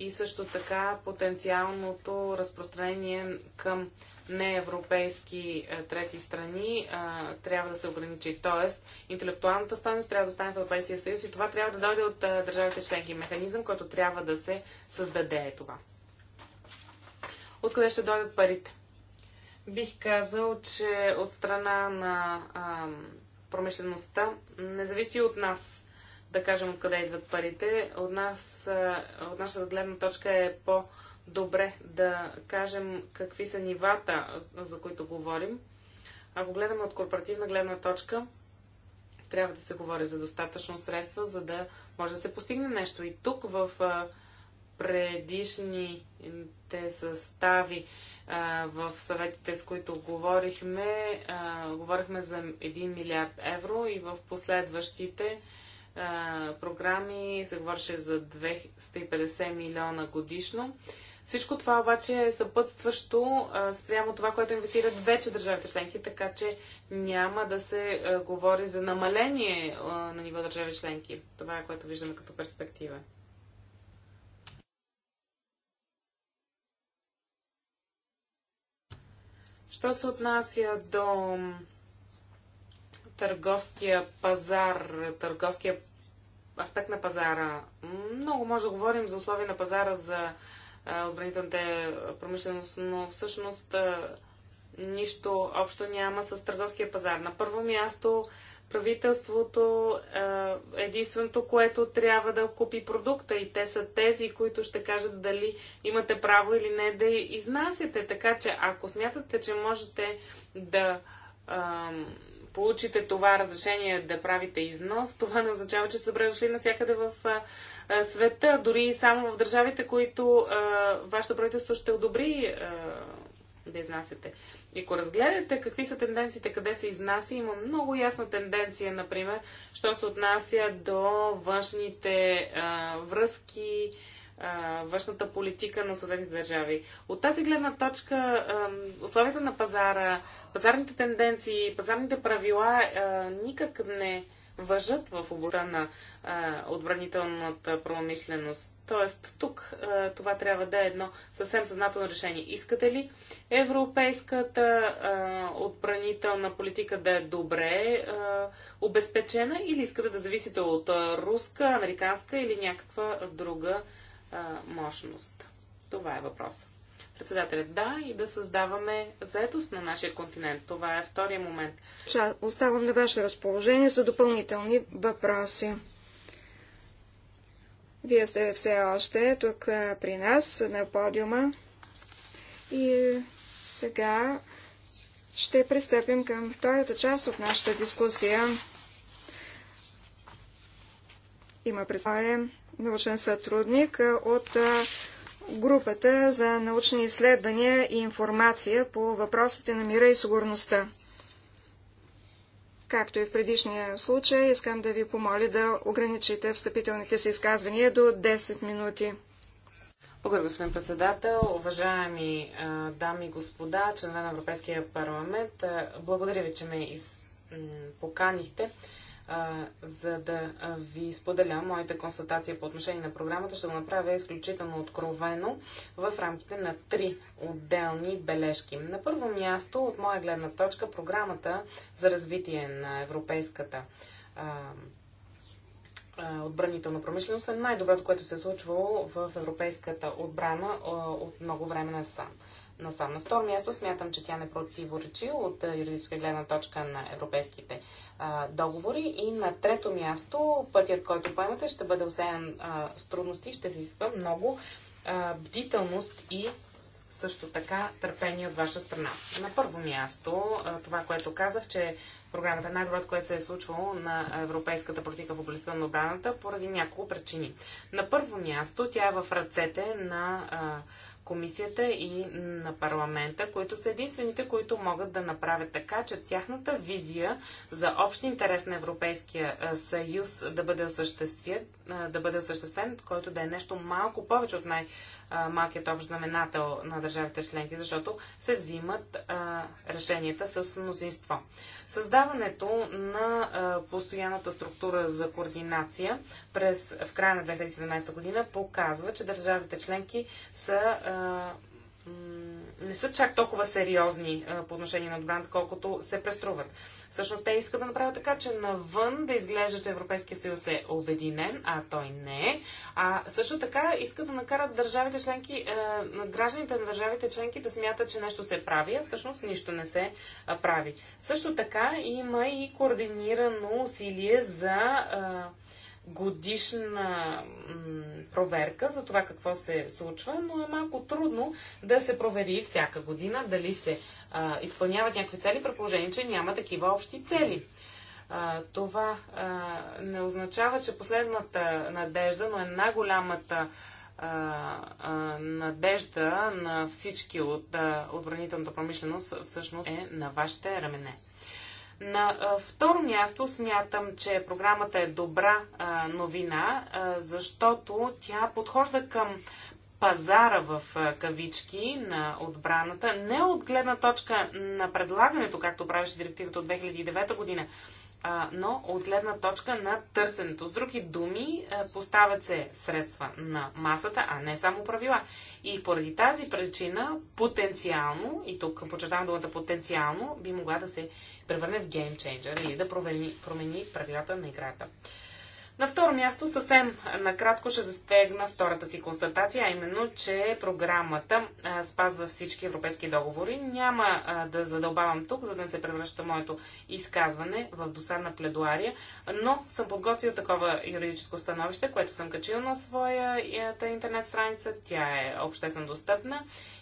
и също така потенциалното разпространение към неевропейски е, трети страни а, е, трябва да се ограничи. Тоест, интелектуалната стойност трябва да стане в Европейския съюз и това трябва да дойде от а, е, държавите членки. Механизъм, който трябва да се създаде е това. Откъде ще дойдат парите? Бих казал, че от страна на промишлеността не зависи от нас, да кажем откъде идват парите. От нас, от нашата гледна точка е по-добре да кажем какви са нивата, за които говорим. Ако гледаме от корпоративна гледна точка, трябва да се говори за достатъчно средства, за да може да се постигне нещо. И тук в предишните състави в съветите, с които говорихме, говорихме за 1 милиард евро и в последващите програми се говореше за 250 милиона годишно. Всичко това обаче е съпътстващо спрямо това, което инвестират вече държавите членки, така че няма да се говори за намаление на ниво държави членки. Това е което виждаме като перспектива. Що се отнася до търговския пазар, търговския аспект на пазара, много може да говорим за условия на пазара за отбранителната промишленост, но всъщност нищо общо няма с търговския пазар. На първо място правителството е единственото, което трябва да купи продукта и те са тези, които ще кажат дали имате право или не да изнасяте. Така че ако смятате, че можете да е, получите това разрешение да правите износ, това не означава, че сте добре дошли навсякъде в света, дори и само в държавите, които е, вашето правителство ще одобри да изнасяте. И ако разгледате какви са тенденциите, къде се изнася, има много ясна тенденция, например, що се отнася до външните а, връзки, а, външната политика на съответните държави. От тази гледна точка, а, условията на пазара, пазарните тенденции, пазарните правила а, никак не въжат в областта на а, отбранителната промишленост. Тоест, тук а, това трябва да е едно съвсем съзнателно решение. Искате ли европейската а, отбранителна политика да е добре а, обезпечена или искате да зависите от а, руска, американска или някаква друга а, мощност? Това е въпросът. Председателят да и да създаваме заетост на нашия континент. Това е втория момент. Оставам на ваше разположение за допълнителни въпроси. Вие сте все още тук при нас на подиума и сега ще пристъпим към втората част от нашата дискусия. Има представен научен сътрудник от групата за научни изследвания и информация по въпросите на мира и сигурността. Както и в предишния случай, искам да ви помоля да ограничите встъпителните си изказвания до 10 минути. Благодаря, господин председател. Уважаеми а, дами и господа, членове на Европейския парламент, а, благодаря ви, че ме из... поканихте за да ви споделя моите констатации по отношение на програмата. Ще го направя изключително откровено в рамките на три отделни бележки. На първо място, от моя гледна точка, програмата за развитие на европейската отбранителна промишленост е най-доброто, което се е случвало в европейската отбрана от много време насам насам. На второ място смятам, че тя не противоречи от юридическа гледна точка на европейските а, договори. И на трето място пътят, който поемате, ще бъде осеян с трудности, ще се изисква много а, бдителност и също така търпение от ваша страна. На първо място, това, което казах, че програмата е най-доброто, което се е случвало на европейската политика в областта на обраната, поради няколко причини. На първо място, тя е в ръцете на комисията и на парламента, които са единствените, които могат да направят така, че тяхната визия за общ интерес на Европейския съюз да бъде осъществен, да бъде осъществен който да е нещо малко повече от най- малкият общ знаменател на държавите членки, защото се взимат а, решенията с мнозинство. Създаването на а, постоянната структура за координация през, в края на 2017 година показва, че държавите членки са а, не са чак толкова сериозни а, по отношение на отбраната, колкото се преструват. Всъщност те искат да направят така, че навън да изглежда, че Европейския съюз е обединен, а той не е. А също така искат да накарат държавите членки, е, гражданите на държавите членки да смятат, че нещо се прави, а всъщност нищо не се прави. Също така има и координирано усилие за е, годишна проверка за това какво се случва, но е малко трудно да се провери всяка година дали се а, изпълняват някакви цели, при положение, че няма такива общи цели. А, това а, не означава, че последната надежда, но е най-голямата надежда на всички от отбранителната промишленост всъщност е на вашите рамене. На второ място смятам, че програмата е добра новина, защото тя подхожда към пазара в кавички на отбраната, не от гледна точка на предлагането, както правеше директивата от 2009 година, но от гледна точка на търсенето. С други думи, поставят се средства на масата, а не само правила. И поради тази причина, потенциално, и тук почетавам думата потенциално, би могла да се превърне в геймчейнджер или да промени, промени правилата на играта. На второ място съвсем накратко ще застегна втората си констатация, а именно, че програмата спазва всички европейски договори. Няма да задълбавам тук, за да не се превръща моето изказване в досадна пледуария, но съм подготвил такова юридическо становище, което съм качил на своята е, интернет страница. Тя е обществено достъпна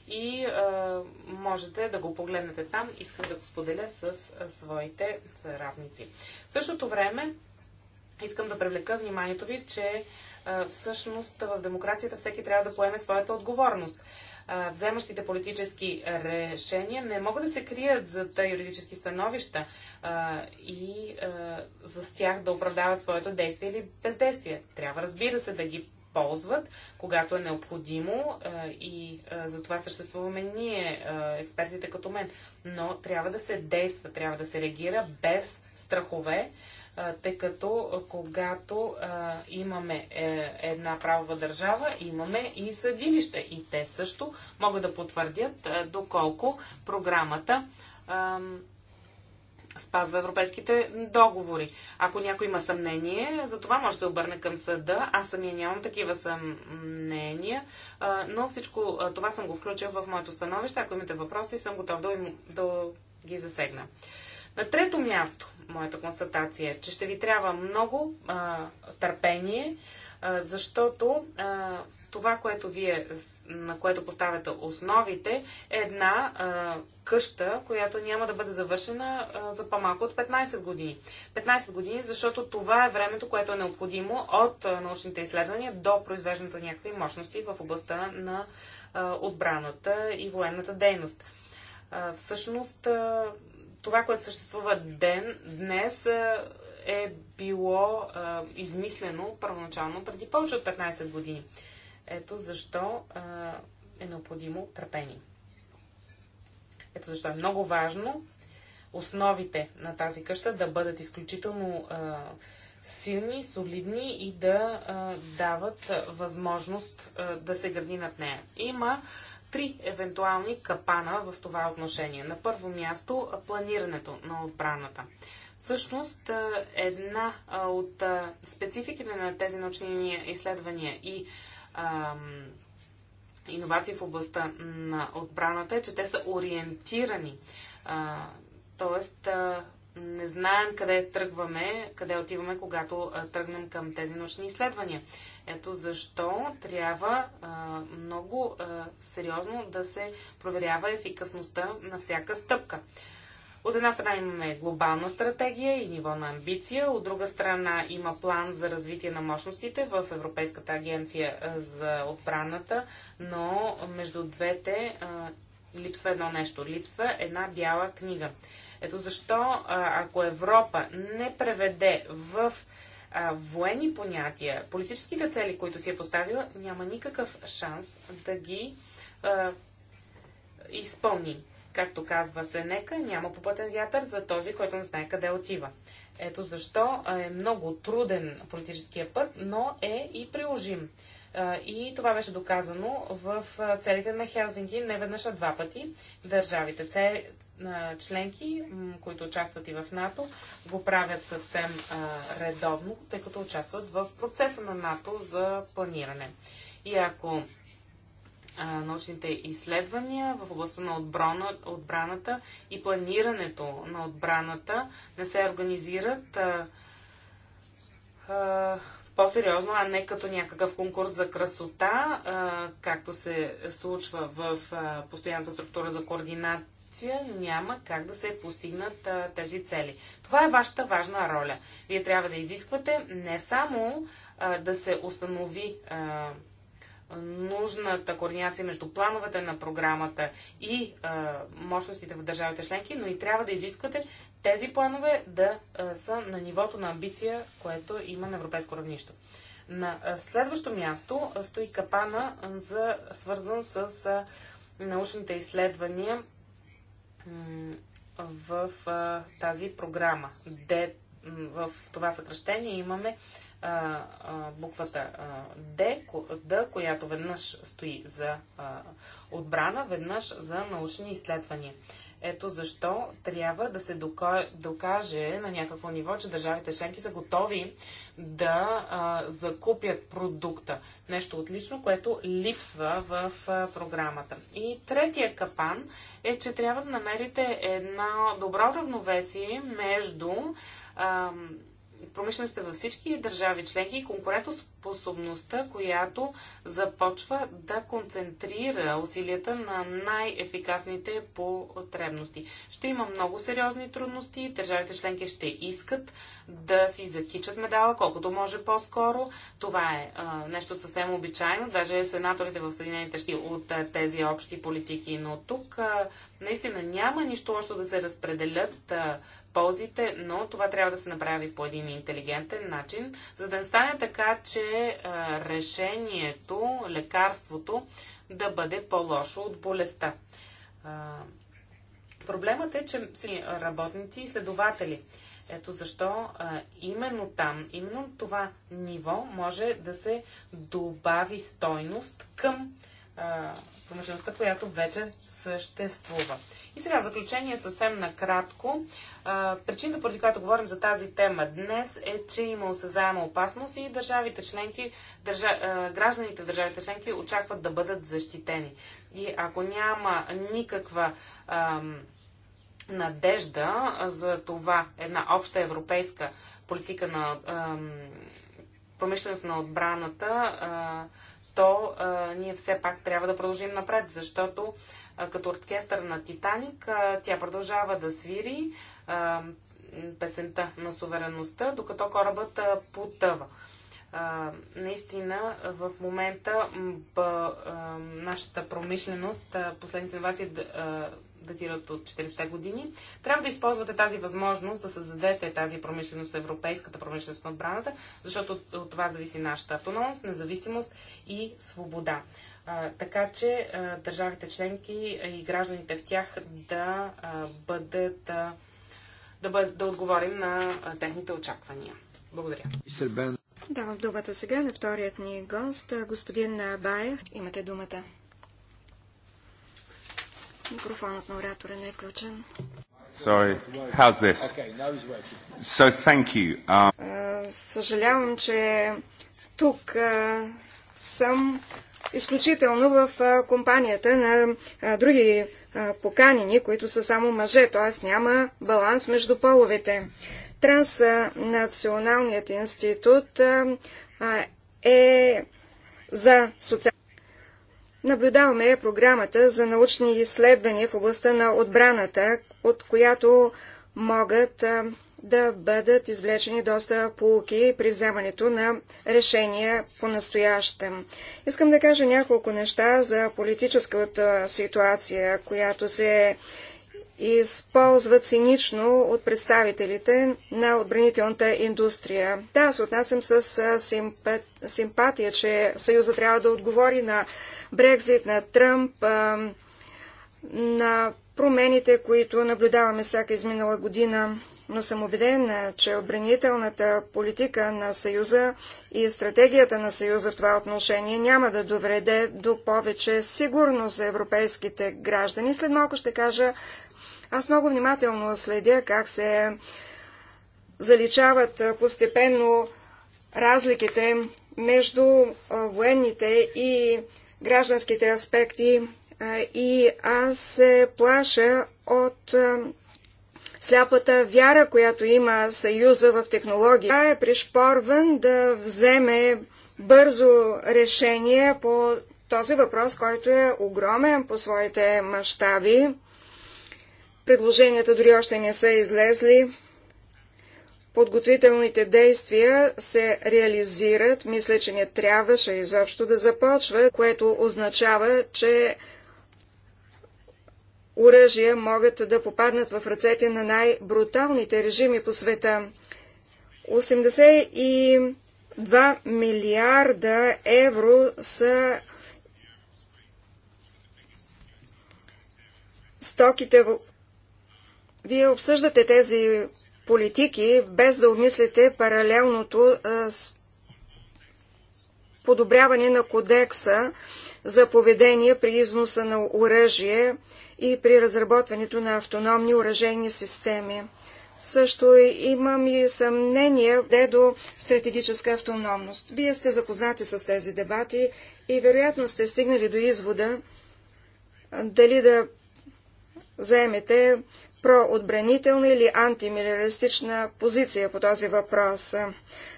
и а, можете да го погледнете там. Искам да го споделя с своите съравници. В същото време искам да привлека вниманието ви, че всъщност в демокрацията всеки трябва да поеме своята отговорност. Вземащите политически решения не могат да се крият за тъй юридически становища и за тях да оправдават своето действие или бездействие. Трябва, разбира се, да ги ползват, когато е необходимо и за това съществуваме ние, експертите като мен. Но трябва да се действа, трябва да се реагира без страхове, тъй като когато имаме е, една правова държава, имаме и съдилище, И те също могат да потвърдят доколко програмата спазва европейските договори. Ако някой има съмнение, за това може да се обърне към съда. Аз самия нямам такива съмнения, но всичко това съм го включил в моето становище. Ако имате въпроси, съм готов да, им, да ги засегна. На трето място, моята констатация е, че ще ви трябва много а, търпение, а, защото а, това, което вие, на което поставяте основите, е една а, къща, която няма да бъде завършена а, за по-малко от 15 години. 15 години, защото това е времето, което е необходимо от а, научните изследвания до произвеждането на някакви мощности в областта на а, отбраната и военната дейност. А, всъщност, а, това, което съществува ден, днес е било е, измислено първоначално преди повече от 15 години. Ето защо е, е необходимо търпение. Ето защо е много важно основите на тази къща да бъдат изключително е, силни, солидни и да е, дават възможност е, да се гради над нея. Има три евентуални капана в това отношение. На първо място планирането на отбраната. Всъщност, една от спецификите на тези научни изследвания и ам, иновации в областта на отбраната е, че те са ориентирани. Тоест, не знаем къде тръгваме, къде отиваме, когато тръгнем към тези научни изследвания. Ето защо трябва а, много а, сериозно да се проверява ефикасността на всяка стъпка. От една страна имаме глобална стратегия и ниво на амбиция, от друга страна има план за развитие на мощностите в Европейската агенция за отбраната, но между двете а, липсва едно нещо. Липсва една бяла книга. Ето защо, ако Европа не преведе в военни понятия, политическите цели, които си е поставила, няма никакъв шанс да ги а, изпълни. Както казва се, нека няма попътен вятър за този, който не знае къде отива. Ето защо е много труден политическия път, но е и приложим. И това беше доказано в целите на Хелзинки не веднъж, а два пъти. Държавите цели, членки, които участват и в НАТО, го правят съвсем редовно, тъй като участват в процеса на НАТО за планиране. И ако научните изследвания в областта на отбрана, отбраната и планирането на отбраната не се организират по-сериозно, а не като някакъв конкурс за красота, а, както се случва в а, постоянната структура за координация, няма как да се постигнат а, тези цели. Това е вашата важна роля. Вие трябва да изисквате не само да се установи нужната координация между плановете на програмата и а, е, мощностите в държавите членки, но и трябва да изисквате тези планове да а, е, са на нивото на амбиция, което има на европейско равнище. На е, следващо място стои капана, за, свързан с а, научните изследвания в а, тази програма. ДЕТ в това съкръщение имаме а, а, буквата Д, Д, която веднъж стои за а, отбрана, веднъж за научни изследвания. Ето защо трябва да се докаже на някакво ниво, че държавите членки са готови да а, закупят продукта. Нещо отлично, което липсва в а, програмата. И третия капан е, че трябва да намерите едно добро равновесие между а, промишлеността във всички държави членки и конкурентоспособността способността, която започва да концентрира усилията на най-ефикасните потребности. Ще има много сериозни трудности. Държавите членки ще искат да си закичат медала колкото може по-скоро. Това е а, нещо съвсем обичайно. Даже сенаторите в Съединените щати от а, тези общи политики, но тук а, наистина няма нищо още да се разпределят а, ползите, но това трябва да се направи по един интелигентен начин, за да не стане така, че е, е, решението, лекарството да бъде по-лошо от болестта. проблемът е, че си работници и следователи. Ето защо а, именно там, именно това ниво може да се добави стойност към промишлеността, която вече съществува. И сега заключение съвсем накратко. причината, поради която говорим за тази тема днес е, че има осезаема опасност и държавите членки, държа, гражданите в държавите членки очакват да бъдат защитени. И ако няма никаква ам, надежда за това една обща европейска политика на ам, промишленост на отбраната, ам, то а, ние все пак трябва да продължим напред, защото а, като оркестър на Титаник а, тя продължава да свири а, песента на суверенността, докато корабът а, потъва. А, наистина в момента б, а, нашата промишленост, а, последните инновации датират от 40-те години. Трябва да използвате тази възможност да създадете тази промишленост, европейската промишленост на отбраната, защото от, от това зависи нашата автономност, независимост и свобода. А, така че а, държавите членки и гражданите в тях да а, бъдат да, бъд, да отговорим на техните очаквания. Благодаря. Давам думата сега на вторият ни гост, господин Баев. Имате думата. Микрофонът на оратора не е включен. Sorry, how's this? So thank you. Uh... Съжалявам, че тук uh, съм изключително в uh, компанията на uh, други uh, поканини, които са само мъже, т.е. няма баланс между половете. Транснационалният институт uh, е за социалната Наблюдаваме програмата за научни изследвания в областта на отбраната, от която могат да бъдат извлечени доста полуки при вземането на решения по-настоящем. Искам да кажа няколко неща за политическата ситуация, която се използва цинично от представителите на отбранителната индустрия. Да, се отнасям с симпатия, че Съюза трябва да отговори на Брекзит, на Тръмп, на промените, които наблюдаваме всяка изминала година. Но съм убеден, че отбранителната политика на Съюза и стратегията на Съюза в това отношение няма да доведе до повече сигурност за европейските граждани. След малко ще кажа аз много внимателно следя как се заличават постепенно разликите между военните и гражданските аспекти и аз се плаша от сляпата вяра, която има Съюза в технологии. Това е пришпорван да вземе бързо решение по този въпрос, който е огромен по своите мащаби. Предложенията дори още не са излезли. Подготвителните действия се реализират. Мисля, че не трябваше изобщо да започва, което означава, че оръжия могат да попаднат в ръцете на най-бруталните режими по света. 82 милиарда евро са стоките, вие обсъждате тези политики, без да обмислите паралелното с подобряване на кодекса за поведение при износа на оръжие и при разработването на автономни оръжейни системи. Също имам и съмнение де до стратегическа автономност. Вие сте запознати с тези дебати и вероятно сте стигнали до извода дали да заемете проотбранителна или антимилитаристична позиция по този въпрос.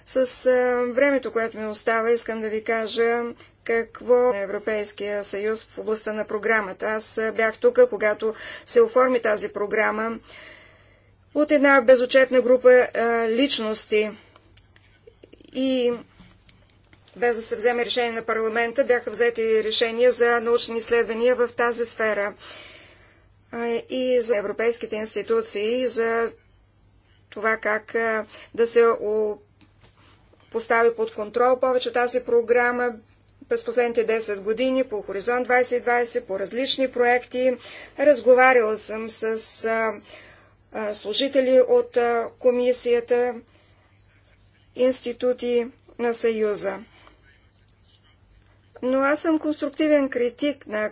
С времето, което ми остава, искам да ви кажа какво е Европейския съюз в областта на програмата. Аз бях тук, когато се оформи тази програма от една безочетна група а, личности и без да се вземе решение на парламента, бяха взети решения за научни изследвания в тази сфера и за европейските институции, за това как да се постави под контрол повече тази програма през последните 10 години по Хоризонт 2020, по различни проекти. Разговаряла съм с служители от комисията, институти на Съюза. Но аз съм конструктивен критик на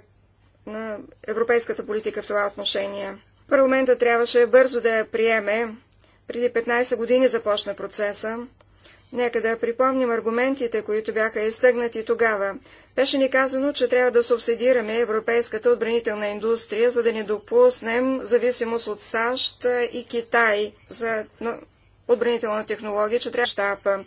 на европейската политика в това отношение. Парламента трябваше бързо да я приеме. Преди 15 години започна процеса. Нека да припомним аргументите, които бяха изтъгнати тогава. Беше ни казано, че трябва да субсидираме европейската отбранителна индустрия, за да не допуснем зависимост от САЩ и Китай за отбранителна технология, че трябва щапа.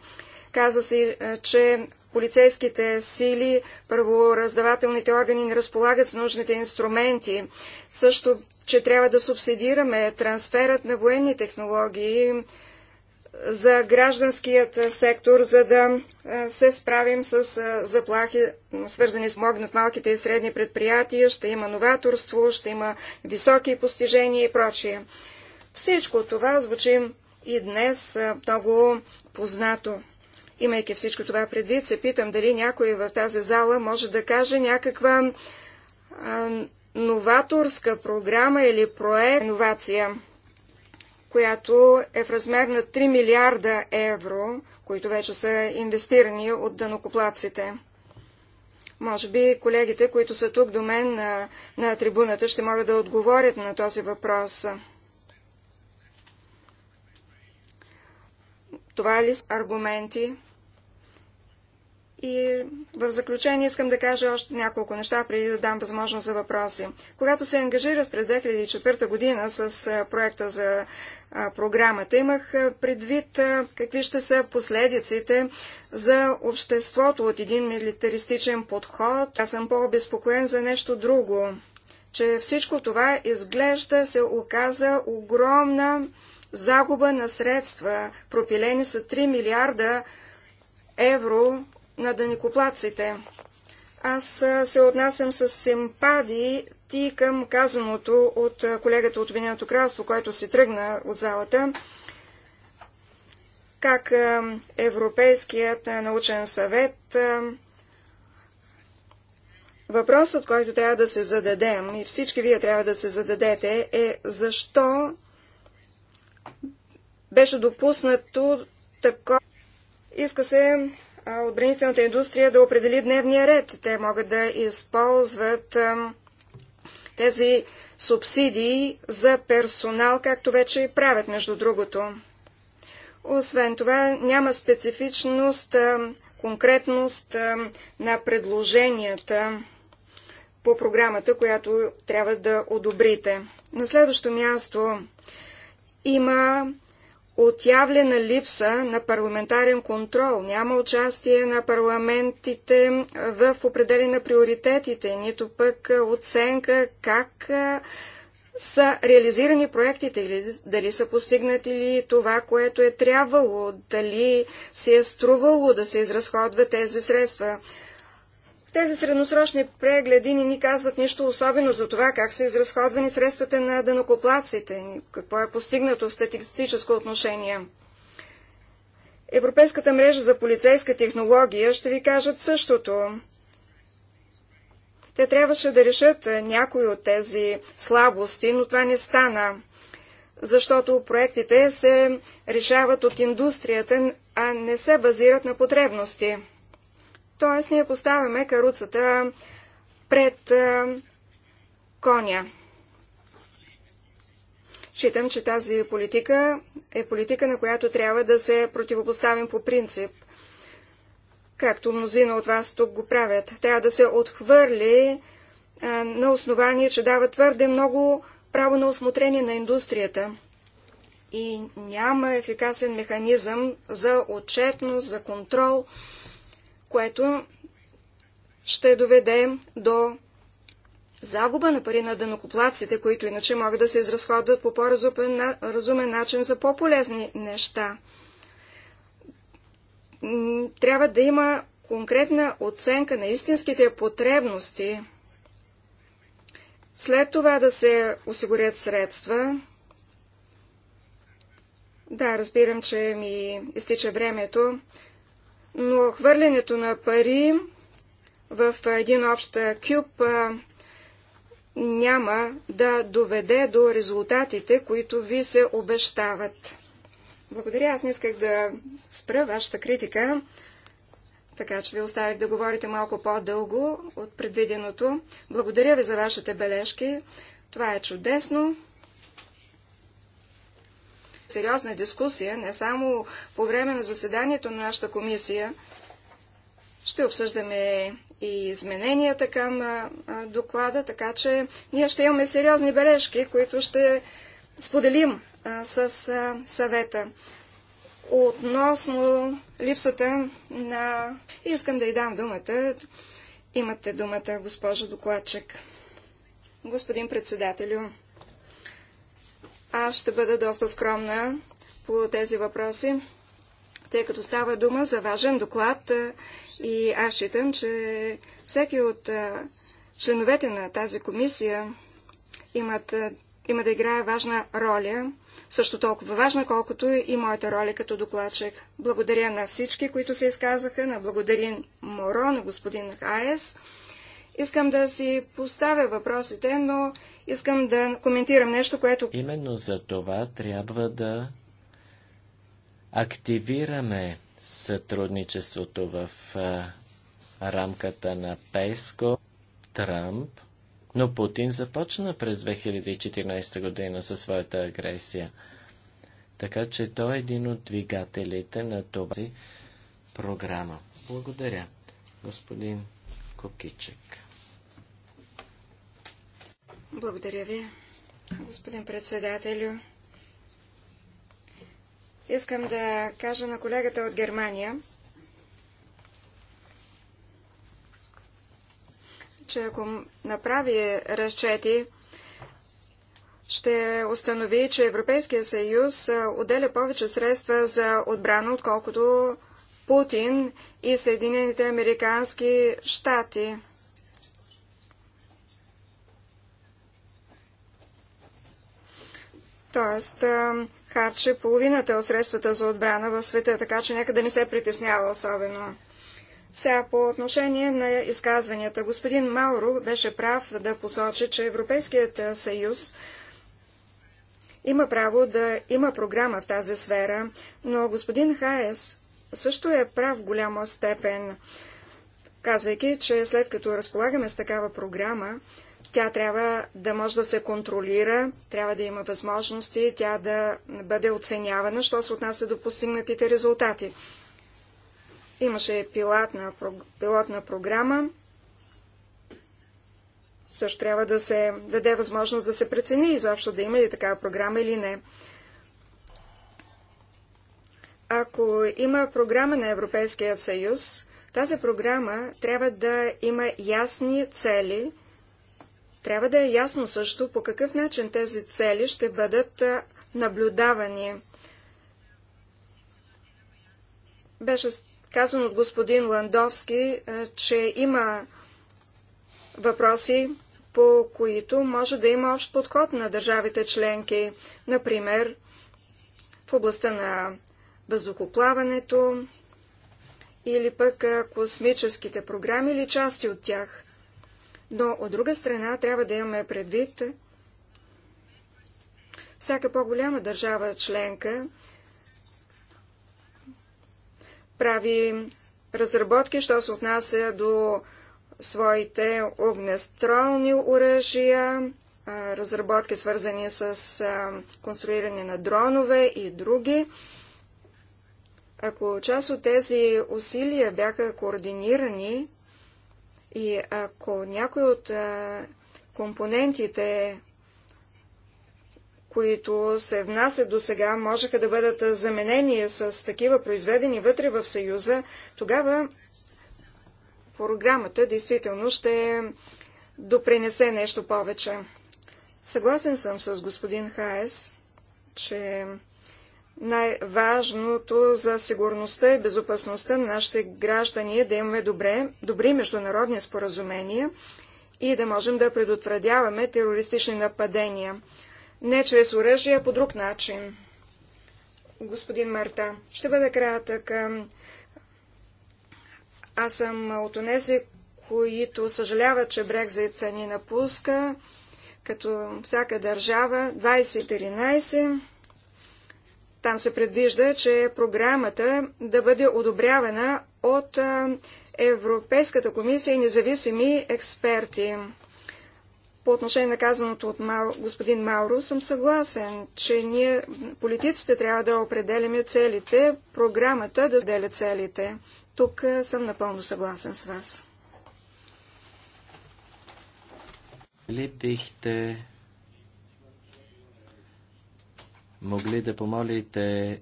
Каза се, е, че полицейските сили, първораздавателните органи не разполагат с нужните инструменти. Също, че трябва да субсидираме трансферът на военни технологии е, за гражданският сектор, за да е, се справим с е, заплахи, свързани с могнат малките и средни предприятия, ще има новаторство, ще има високи постижения и прочие. Всичко това звучи и днес много познато. Имайки всичко това предвид, се питам дали някой в тази зала може да каже някаква а, новаторска програма или проект, иновация, която е в размер на 3 милиарда евро, които вече са инвестирани от данокоплаците. Може би колегите, които са тук до мен на, на трибуната, ще могат да отговорят на този въпрос. Това ли са аргументи? И в заключение искам да кажа още няколко неща, преди да дам възможност за въпроси. Когато се ангажирах през 2004 година с проекта за програмата, имах предвид какви ще са последиците за обществото от един милитаристичен подход. Аз съм по-обезпокоен за нещо друго, че всичко това изглежда се оказа огромна загуба на средства. Пропилени са 3 милиарда евро на даникоплаците. Аз се отнасям с симпади ти към казаното от колегата от Обединеното кралство, който си тръгна от залата, как Европейският научен съвет Въпросът, който трябва да се зададем и всички вие трябва да се зададете е защо беше допуснато такова. Иска се отбранителната индустрия да определи дневния ред. Те могат да използват а, тези субсидии за персонал, както вече и правят, между другото. Освен това, няма специфичност, а, конкретност а, на предложенията по програмата, която трябва да одобрите. На следващо място има отявлена липса на парламентарен контрол. Няма участие на парламентите в определене на приоритетите, нито пък оценка как са реализирани проектите или дали са постигнати ли това, което е трябвало, дали се е струвало да се изразходват тези средства. Тези средносрочни прегледи ни, ни казват нищо особено за това как са изразходвани средствата на дънокоплаците какво е постигнато в статистическо отношение. Европейската мрежа за полицейска технология ще ви кажат същото. Те трябваше да решат е, някои от тези слабости, но това не стана, защото проектите се решават от индустрията, а не се базират на потребности. Тоест, ние поставяме каруцата пред коня. Считам, че тази политика е политика, на която трябва да се противопоставим по принцип. Както мнозина от вас тук го правят. Трябва да се отхвърли а, на основание, че дава твърде много право на осмотрение на индустрията. И няма ефикасен механизъм за отчетност, за контрол което ще доведе до загуба на пари на дънокоплаците, които иначе могат да се изразходват по по-разумен начин за по-полезни неща. Трябва да има конкретна оценка на истинските потребности, след това да се осигурят средства. Да, разбирам, че ми изтича времето но хвърлянето на пари в един общ кюб няма да доведе до резултатите, които ви се обещават. Благодаря, аз не исках да спра вашата критика, така че ви оставих да говорите малко по-дълго от предвиденото. Благодаря ви за вашите бележки. Това е чудесно сериозна дискусия, не само по време на заседанието на нашата комисия. Ще обсъждаме и измененията към доклада, така че ние ще имаме сериозни бележки, които ще споделим с съвета относно липсата на... Искам да й дам думата. Имате думата, госпожо докладчик. Господин председателю, аз ще бъда доста скромна по тези въпроси, тъй като става дума за важен доклад и аз считам, че всеки от членовете на тази комисия имат, има да играе важна роля, също толкова важна, колкото и моята роля като докладчик. Благодаря на всички, които се изказаха, на благодарин Моро, на господин Хаес. Искам да си поставя въпросите, но Искам да коментирам нещо, което... Именно за това трябва да активираме сътрудничеството в а, рамката на ПЕСКО, Трамп, но Путин започна през 2014 година със своята агресия. Така че той е един от двигателите на това програма. Благодаря, господин Кокичек. Благодаря ви, господин председателю. Искам да кажа на колегата от Германия, че ако направи разчети, ще установи, че Европейския съюз отделя повече средства за отбрана, отколкото Путин и Съединените американски щати. Тоест, харче половината от средствата за отбрана в света, така че нека да не се притеснява особено. Сега по отношение на изказванията. Господин Мауро беше прав да посочи, че Европейският съюз има право да има програма в тази сфера, но господин Хаес също е прав в голяма степен, казвайки, че след като разполагаме с такава програма, тя трябва да може да се контролира, трябва да има възможности, тя да бъде оценявана, що се отнася до постигнатите резултати. Имаше пилотна, пилотна програма. Също трябва да се даде възможност да се прецени изобщо да има ли такава програма или не. Ако има програма на Европейския съюз, тази програма трябва да има ясни цели – трябва да е ясно също по какъв начин тези цели ще бъдат наблюдавани. Беше казано от господин Ландовски, че има въпроси, по които може да има общ подход на държавите членки, например в областта на въздухоплаването или пък космическите програми или части от тях. Но от друга страна трябва да имаме предвид, всяка по-голяма държава членка прави разработки, що се отнася до своите огнестрални оръжия, разработки свързани с конструиране на дронове и други. Ако част от тези усилия бяха координирани, и ако някой от компонентите, които се внасят до сега, можеха да бъдат заменени с такива произведени вътре в Съюза, тогава програмата действително ще допринесе нещо повече. Съгласен съм с господин Хаес, че най-важното за сигурността и безопасността на нашите граждани е да имаме добре, добри международни споразумения и да можем да предотвратяваме терористични нападения. Не чрез оръжия, а по друг начин. Господин Марта, ще бъда кратък. Аз съм от онези, които съжаляват, че Брекзит ни напуска, като всяка държава. 2013. Там се предвижда, че програмата да бъде одобрявана от Европейската комисия и независими експерти. По отношение на казаното от господин Мауро, съм съгласен, че ние, политиците, трябва да определяме целите, програмата да заделя целите. Тук съм напълно съгласен с вас. Ли бихте могли да помолите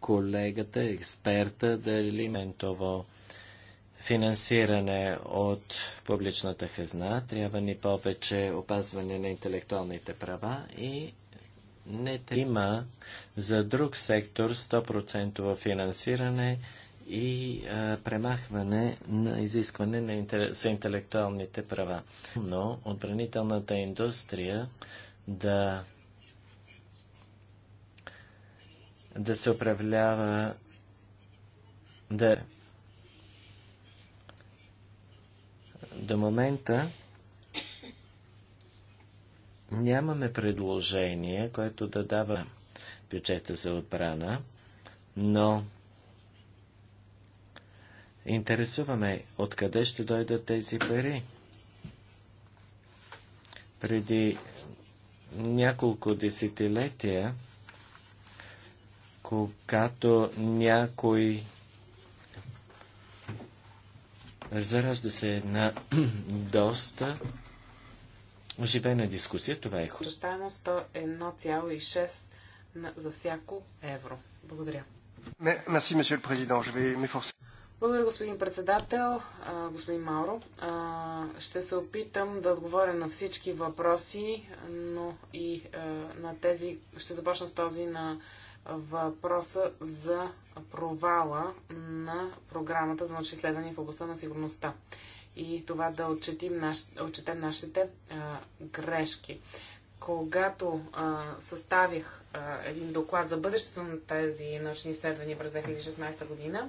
колегата, експерта, дали ментово финансиране от публичната хазна, трябва ни повече опазване на интелектуалните права и не има за друг сектор 100% финансиране и а, премахване на изискване на интел... за интелектуалните права. Но отбранителната индустрия да да се управлява да до момента нямаме предложение, което да дава бюджета за отбрана, но интересуваме откъде ще дойдат тези пари. Преди няколко десетилетия когато някой заражда се на доста оживена дискусия. Това е хубаво. Стойност 101,6 за всяко евро. Благодаря. Merci, monsieur le président. Je vais m'efforcer. Благодаря, господин председател, господин Мауро. Ще се опитам да отговоря на всички въпроси, но и на тези, ще започна с този на въпроса за провала на програмата за научни изследвания в областта на сигурността и това да отчетим наш, отчетем нашите а, грешки. Когато а, съставих а, един доклад за бъдещето на тези научни изследвания през 2016 година,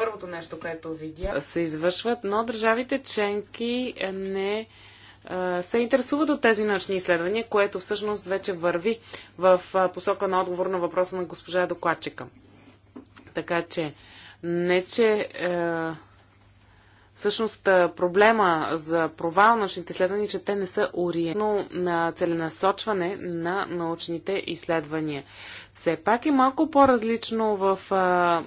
първото нещо, което видя, се извършват, но държавите членки не се интересуват от тези научни изследвания, което всъщност вече върви в посока на отговор на въпроса на госпожа докладчика. Така че, не че Всъщност проблема за провал на научните изследвания е, че те не са ориентирани на целенасочване на научните изследвания. Все пак е малко по-различно в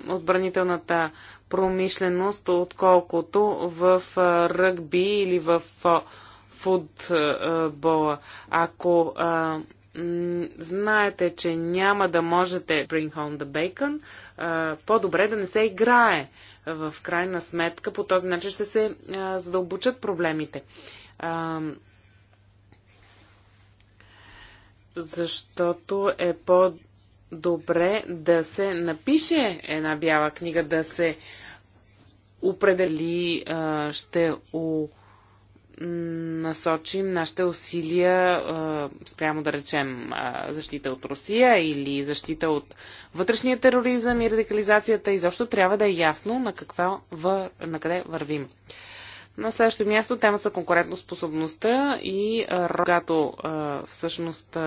отбранителната промишленост, отколкото в ръгби или в футбола. Ако а, знаете, че няма да можете bring home the bacon, по-добре да не се играе в крайна сметка по този начин ще се а, задълбочат проблемите. А, защото е по-добре да се напише една бяла книга, да се определи, а, ще у насочим нашите усилия а, спрямо да речем а, защита от Русия или защита от вътрешния тероризъм и радикализацията, изобщо трябва да е ясно на, каква, вър, на къде вървим. На следващото място темата са конкурентоспособността и а, когато всъщност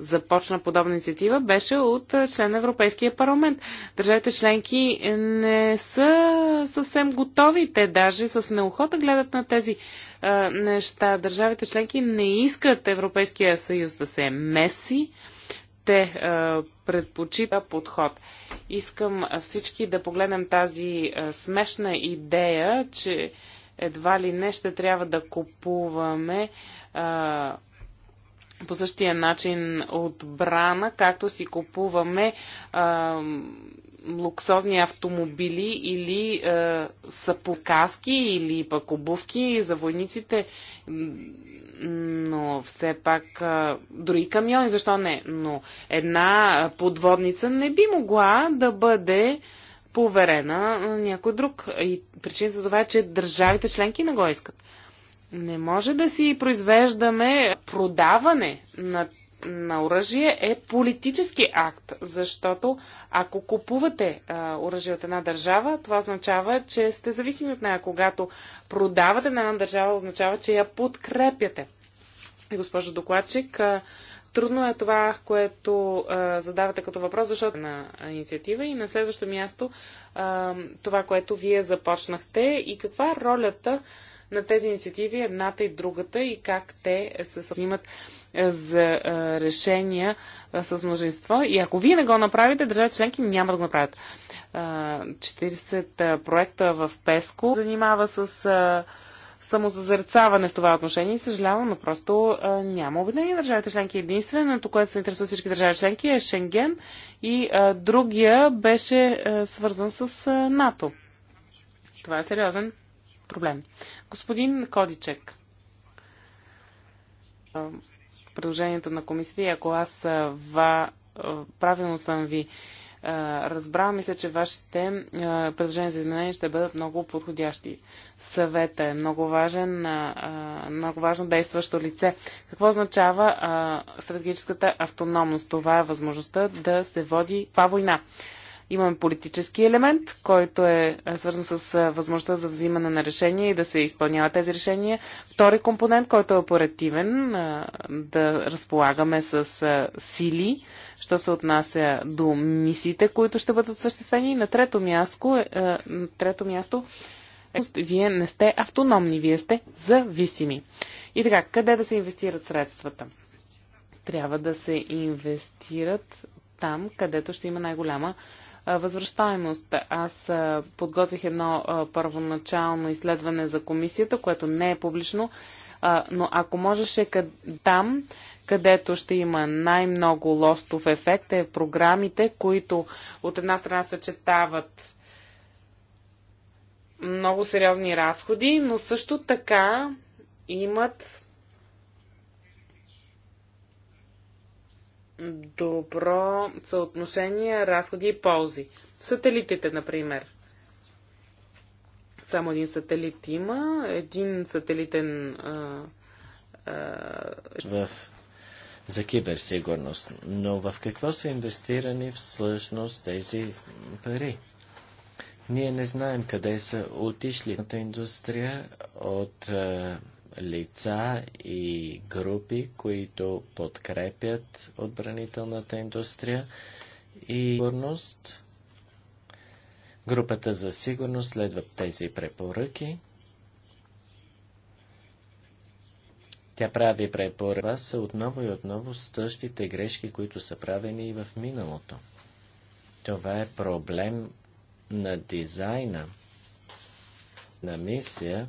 започна подобна инициатива, беше от член на Европейския парламент. Държавите членки не са съвсем готови. Те даже с неохота гледат на тези а, неща. Държавите членки не искат Европейския съюз да се меси. Те а, предпочита подход. Искам всички да погледнем тази а, смешна идея, че едва ли не ще трябва да купуваме а, по същия начин отбрана, както си купуваме а, луксозни автомобили или а, сапокаски или пък обувки за войниците. Но все пак, а, дори камиони, защо не? Но една подводница не би могла да бъде поверена на някой друг. И причината за това е, че държавите членки не го искат. Не може да си произвеждаме продаване на, на оръжие е политически акт, защото ако купувате а, оръжие от една държава, това означава, че сте зависими от нея. Когато продавате на една държава, означава, че я подкрепяте. И госпожо докладчик, а, трудно е това, което а, задавате като въпрос, защото на инициатива и на следващо място а, това, което вие започнахте и каква е ролята на тези инициативи, едната и другата, и как те се снимат е, за е, решения е, с множество. И ако вие не го направите, държавите членки няма да го направят. 40 проекта в Песко занимава с самозазерцаване в това отношение и съжалявам, но просто а, няма обединение на държавите членки. Единственото, което се интересува всички държави членки е Шенген и а, другия беше а, свързан с а, НАТО. Това е сериозен проблем. Господин Кодичек, предложението на комисията ако аз ва, правилно съм ви разбрал, мисля, че вашите предложения за изменения ще бъдат много подходящи. Съветът е много, важен, много важно действащо лице. Какво означава стратегическата автономност? Това е възможността да се води това война. Имаме политически елемент, който е, е свързан с е, възможността за взимане на решения и да се изпълняват тези решения. Втори компонент, който е оперативен, е, да разполагаме с сили, що се отнася до мисиите, които ще бъдат осъществени. На трето място, на трето място вие не сте автономни, вие сте зависими. И така, къде да се инвестират средствата? Трябва да се инвестират там, където ще има най-голяма възвръщаемост. Аз подготвих едно първоначално изследване за комисията, което не е публично, но ако можеше там, където ще има най-много лостов ефект, е програмите, които от една страна съчетават много сериозни разходи, но също така имат добро съотношение разходи и ползи. Сателитите, например. Само един сателит има, един сателитен. А, а... В... За киберсигурност. Но в какво са инвестирани всъщност тези пари? Ние не знаем къде са отишли. индустрия от. А лица и групи, които подкрепят отбранителната индустрия и сигурност. Групата за сигурност следва тези препоръки. Тя прави препоръка. Това са отново и отново същите грешки, които са правени и в миналото. Това е проблем на дизайна, на мисия,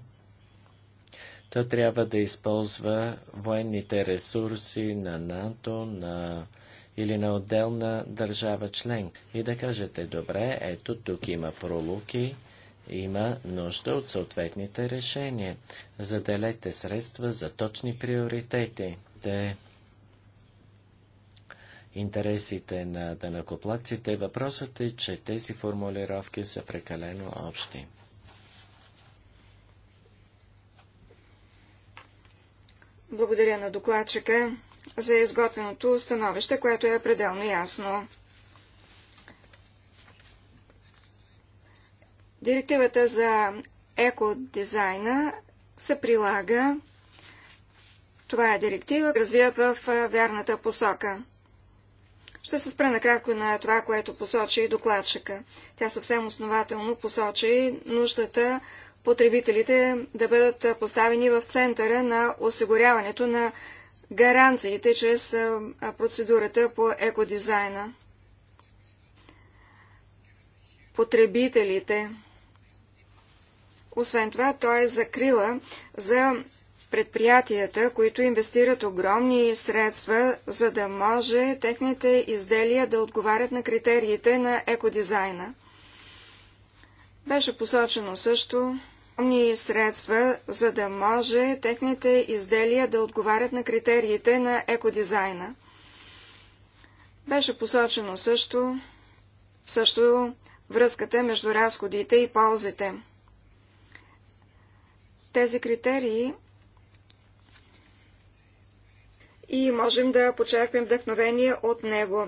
то трябва да използва военните ресурси на НАТО на... или на отделна държава член. И да кажете, добре, ето тук има пролуки, има нужда от съответните решения. Заделете средства за точни приоритети. Те интересите на данакоплаците. Въпросът е, че тези формулировки са прекалено общи. Благодаря на докладчика за изготвеното становище, което е пределно ясно. Директивата за екодизайна се прилага. Това е директива, развият в вярната посока. Ще се спра накратко на това, което посочи докладчика. Тя съвсем основателно посочи нуждата потребителите да бъдат поставени в центъра на осигуряването на гаранциите чрез процедурата по екодизайна. Потребителите. Освен това, той е закрила за предприятията, които инвестират огромни средства, за да може техните изделия да отговарят на критериите на екодизайна. Беше посочено също, ни средства, за да може техните изделия да отговарят на критериите на екодизайна. Беше посочено също, също връзката между разходите и ползите. Тези критерии и можем да почерпим вдъхновение от него.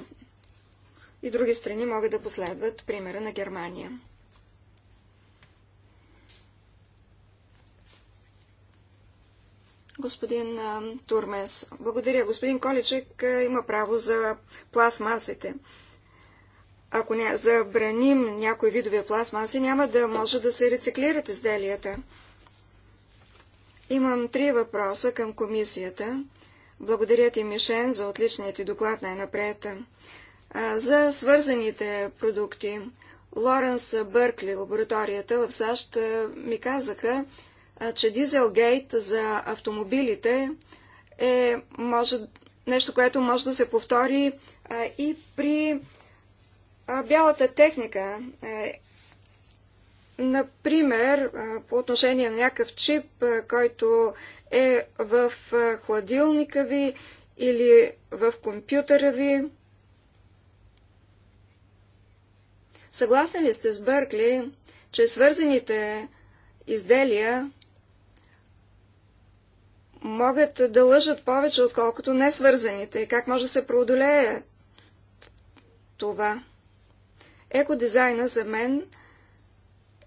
И други страни могат да последват примера на Германия. господин Турмес. Благодаря. Господин Количек има право за пластмасите. Ако не забраним някои видове пластмаси, няма да може да се рециклират изделията. Имам три въпроса към комисията. Благодаря ти, Мишен, за отличният ти доклад най-напред. За свързаните продукти. Лоренс Бъркли, лабораторията в САЩ, ми казаха, че Дизелгейт за автомобилите е може, нещо, което може да се повтори а, и при а, бялата техника. А, е, например, а, по отношение на някакъв чип, а, който е в а, хладилника ви или в компютъра ви. Съгласни ли сте с Бъркли, че свързаните изделия могат да лъжат повече, отколкото несвързаните. И как може да се преодолее това? Екодизайна за мен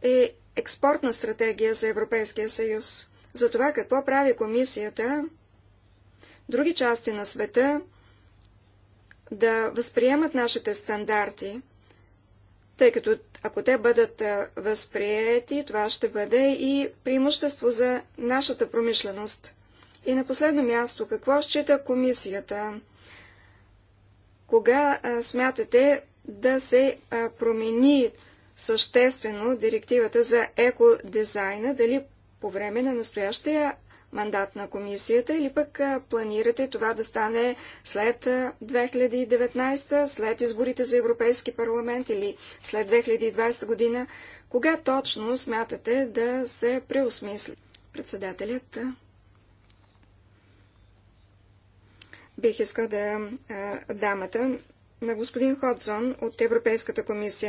е експортна стратегия за Европейския съюз. За това какво прави комисията, други части на света да възприемат нашите стандарти, тъй като ако те бъдат възприети, това ще бъде и преимущество за нашата промишленост. И на последно място, какво счита комисията? Кога а, смятате да се а, промени съществено директивата за екодизайна, дали по време на настоящия мандат на комисията или пък а, планирате това да стане след 2019, след изборите за Европейски парламент или след 2020 година? Кога точно смятате да се преосмисли председателят? бих искал да дам на господин Ходзон от Европейската комисия.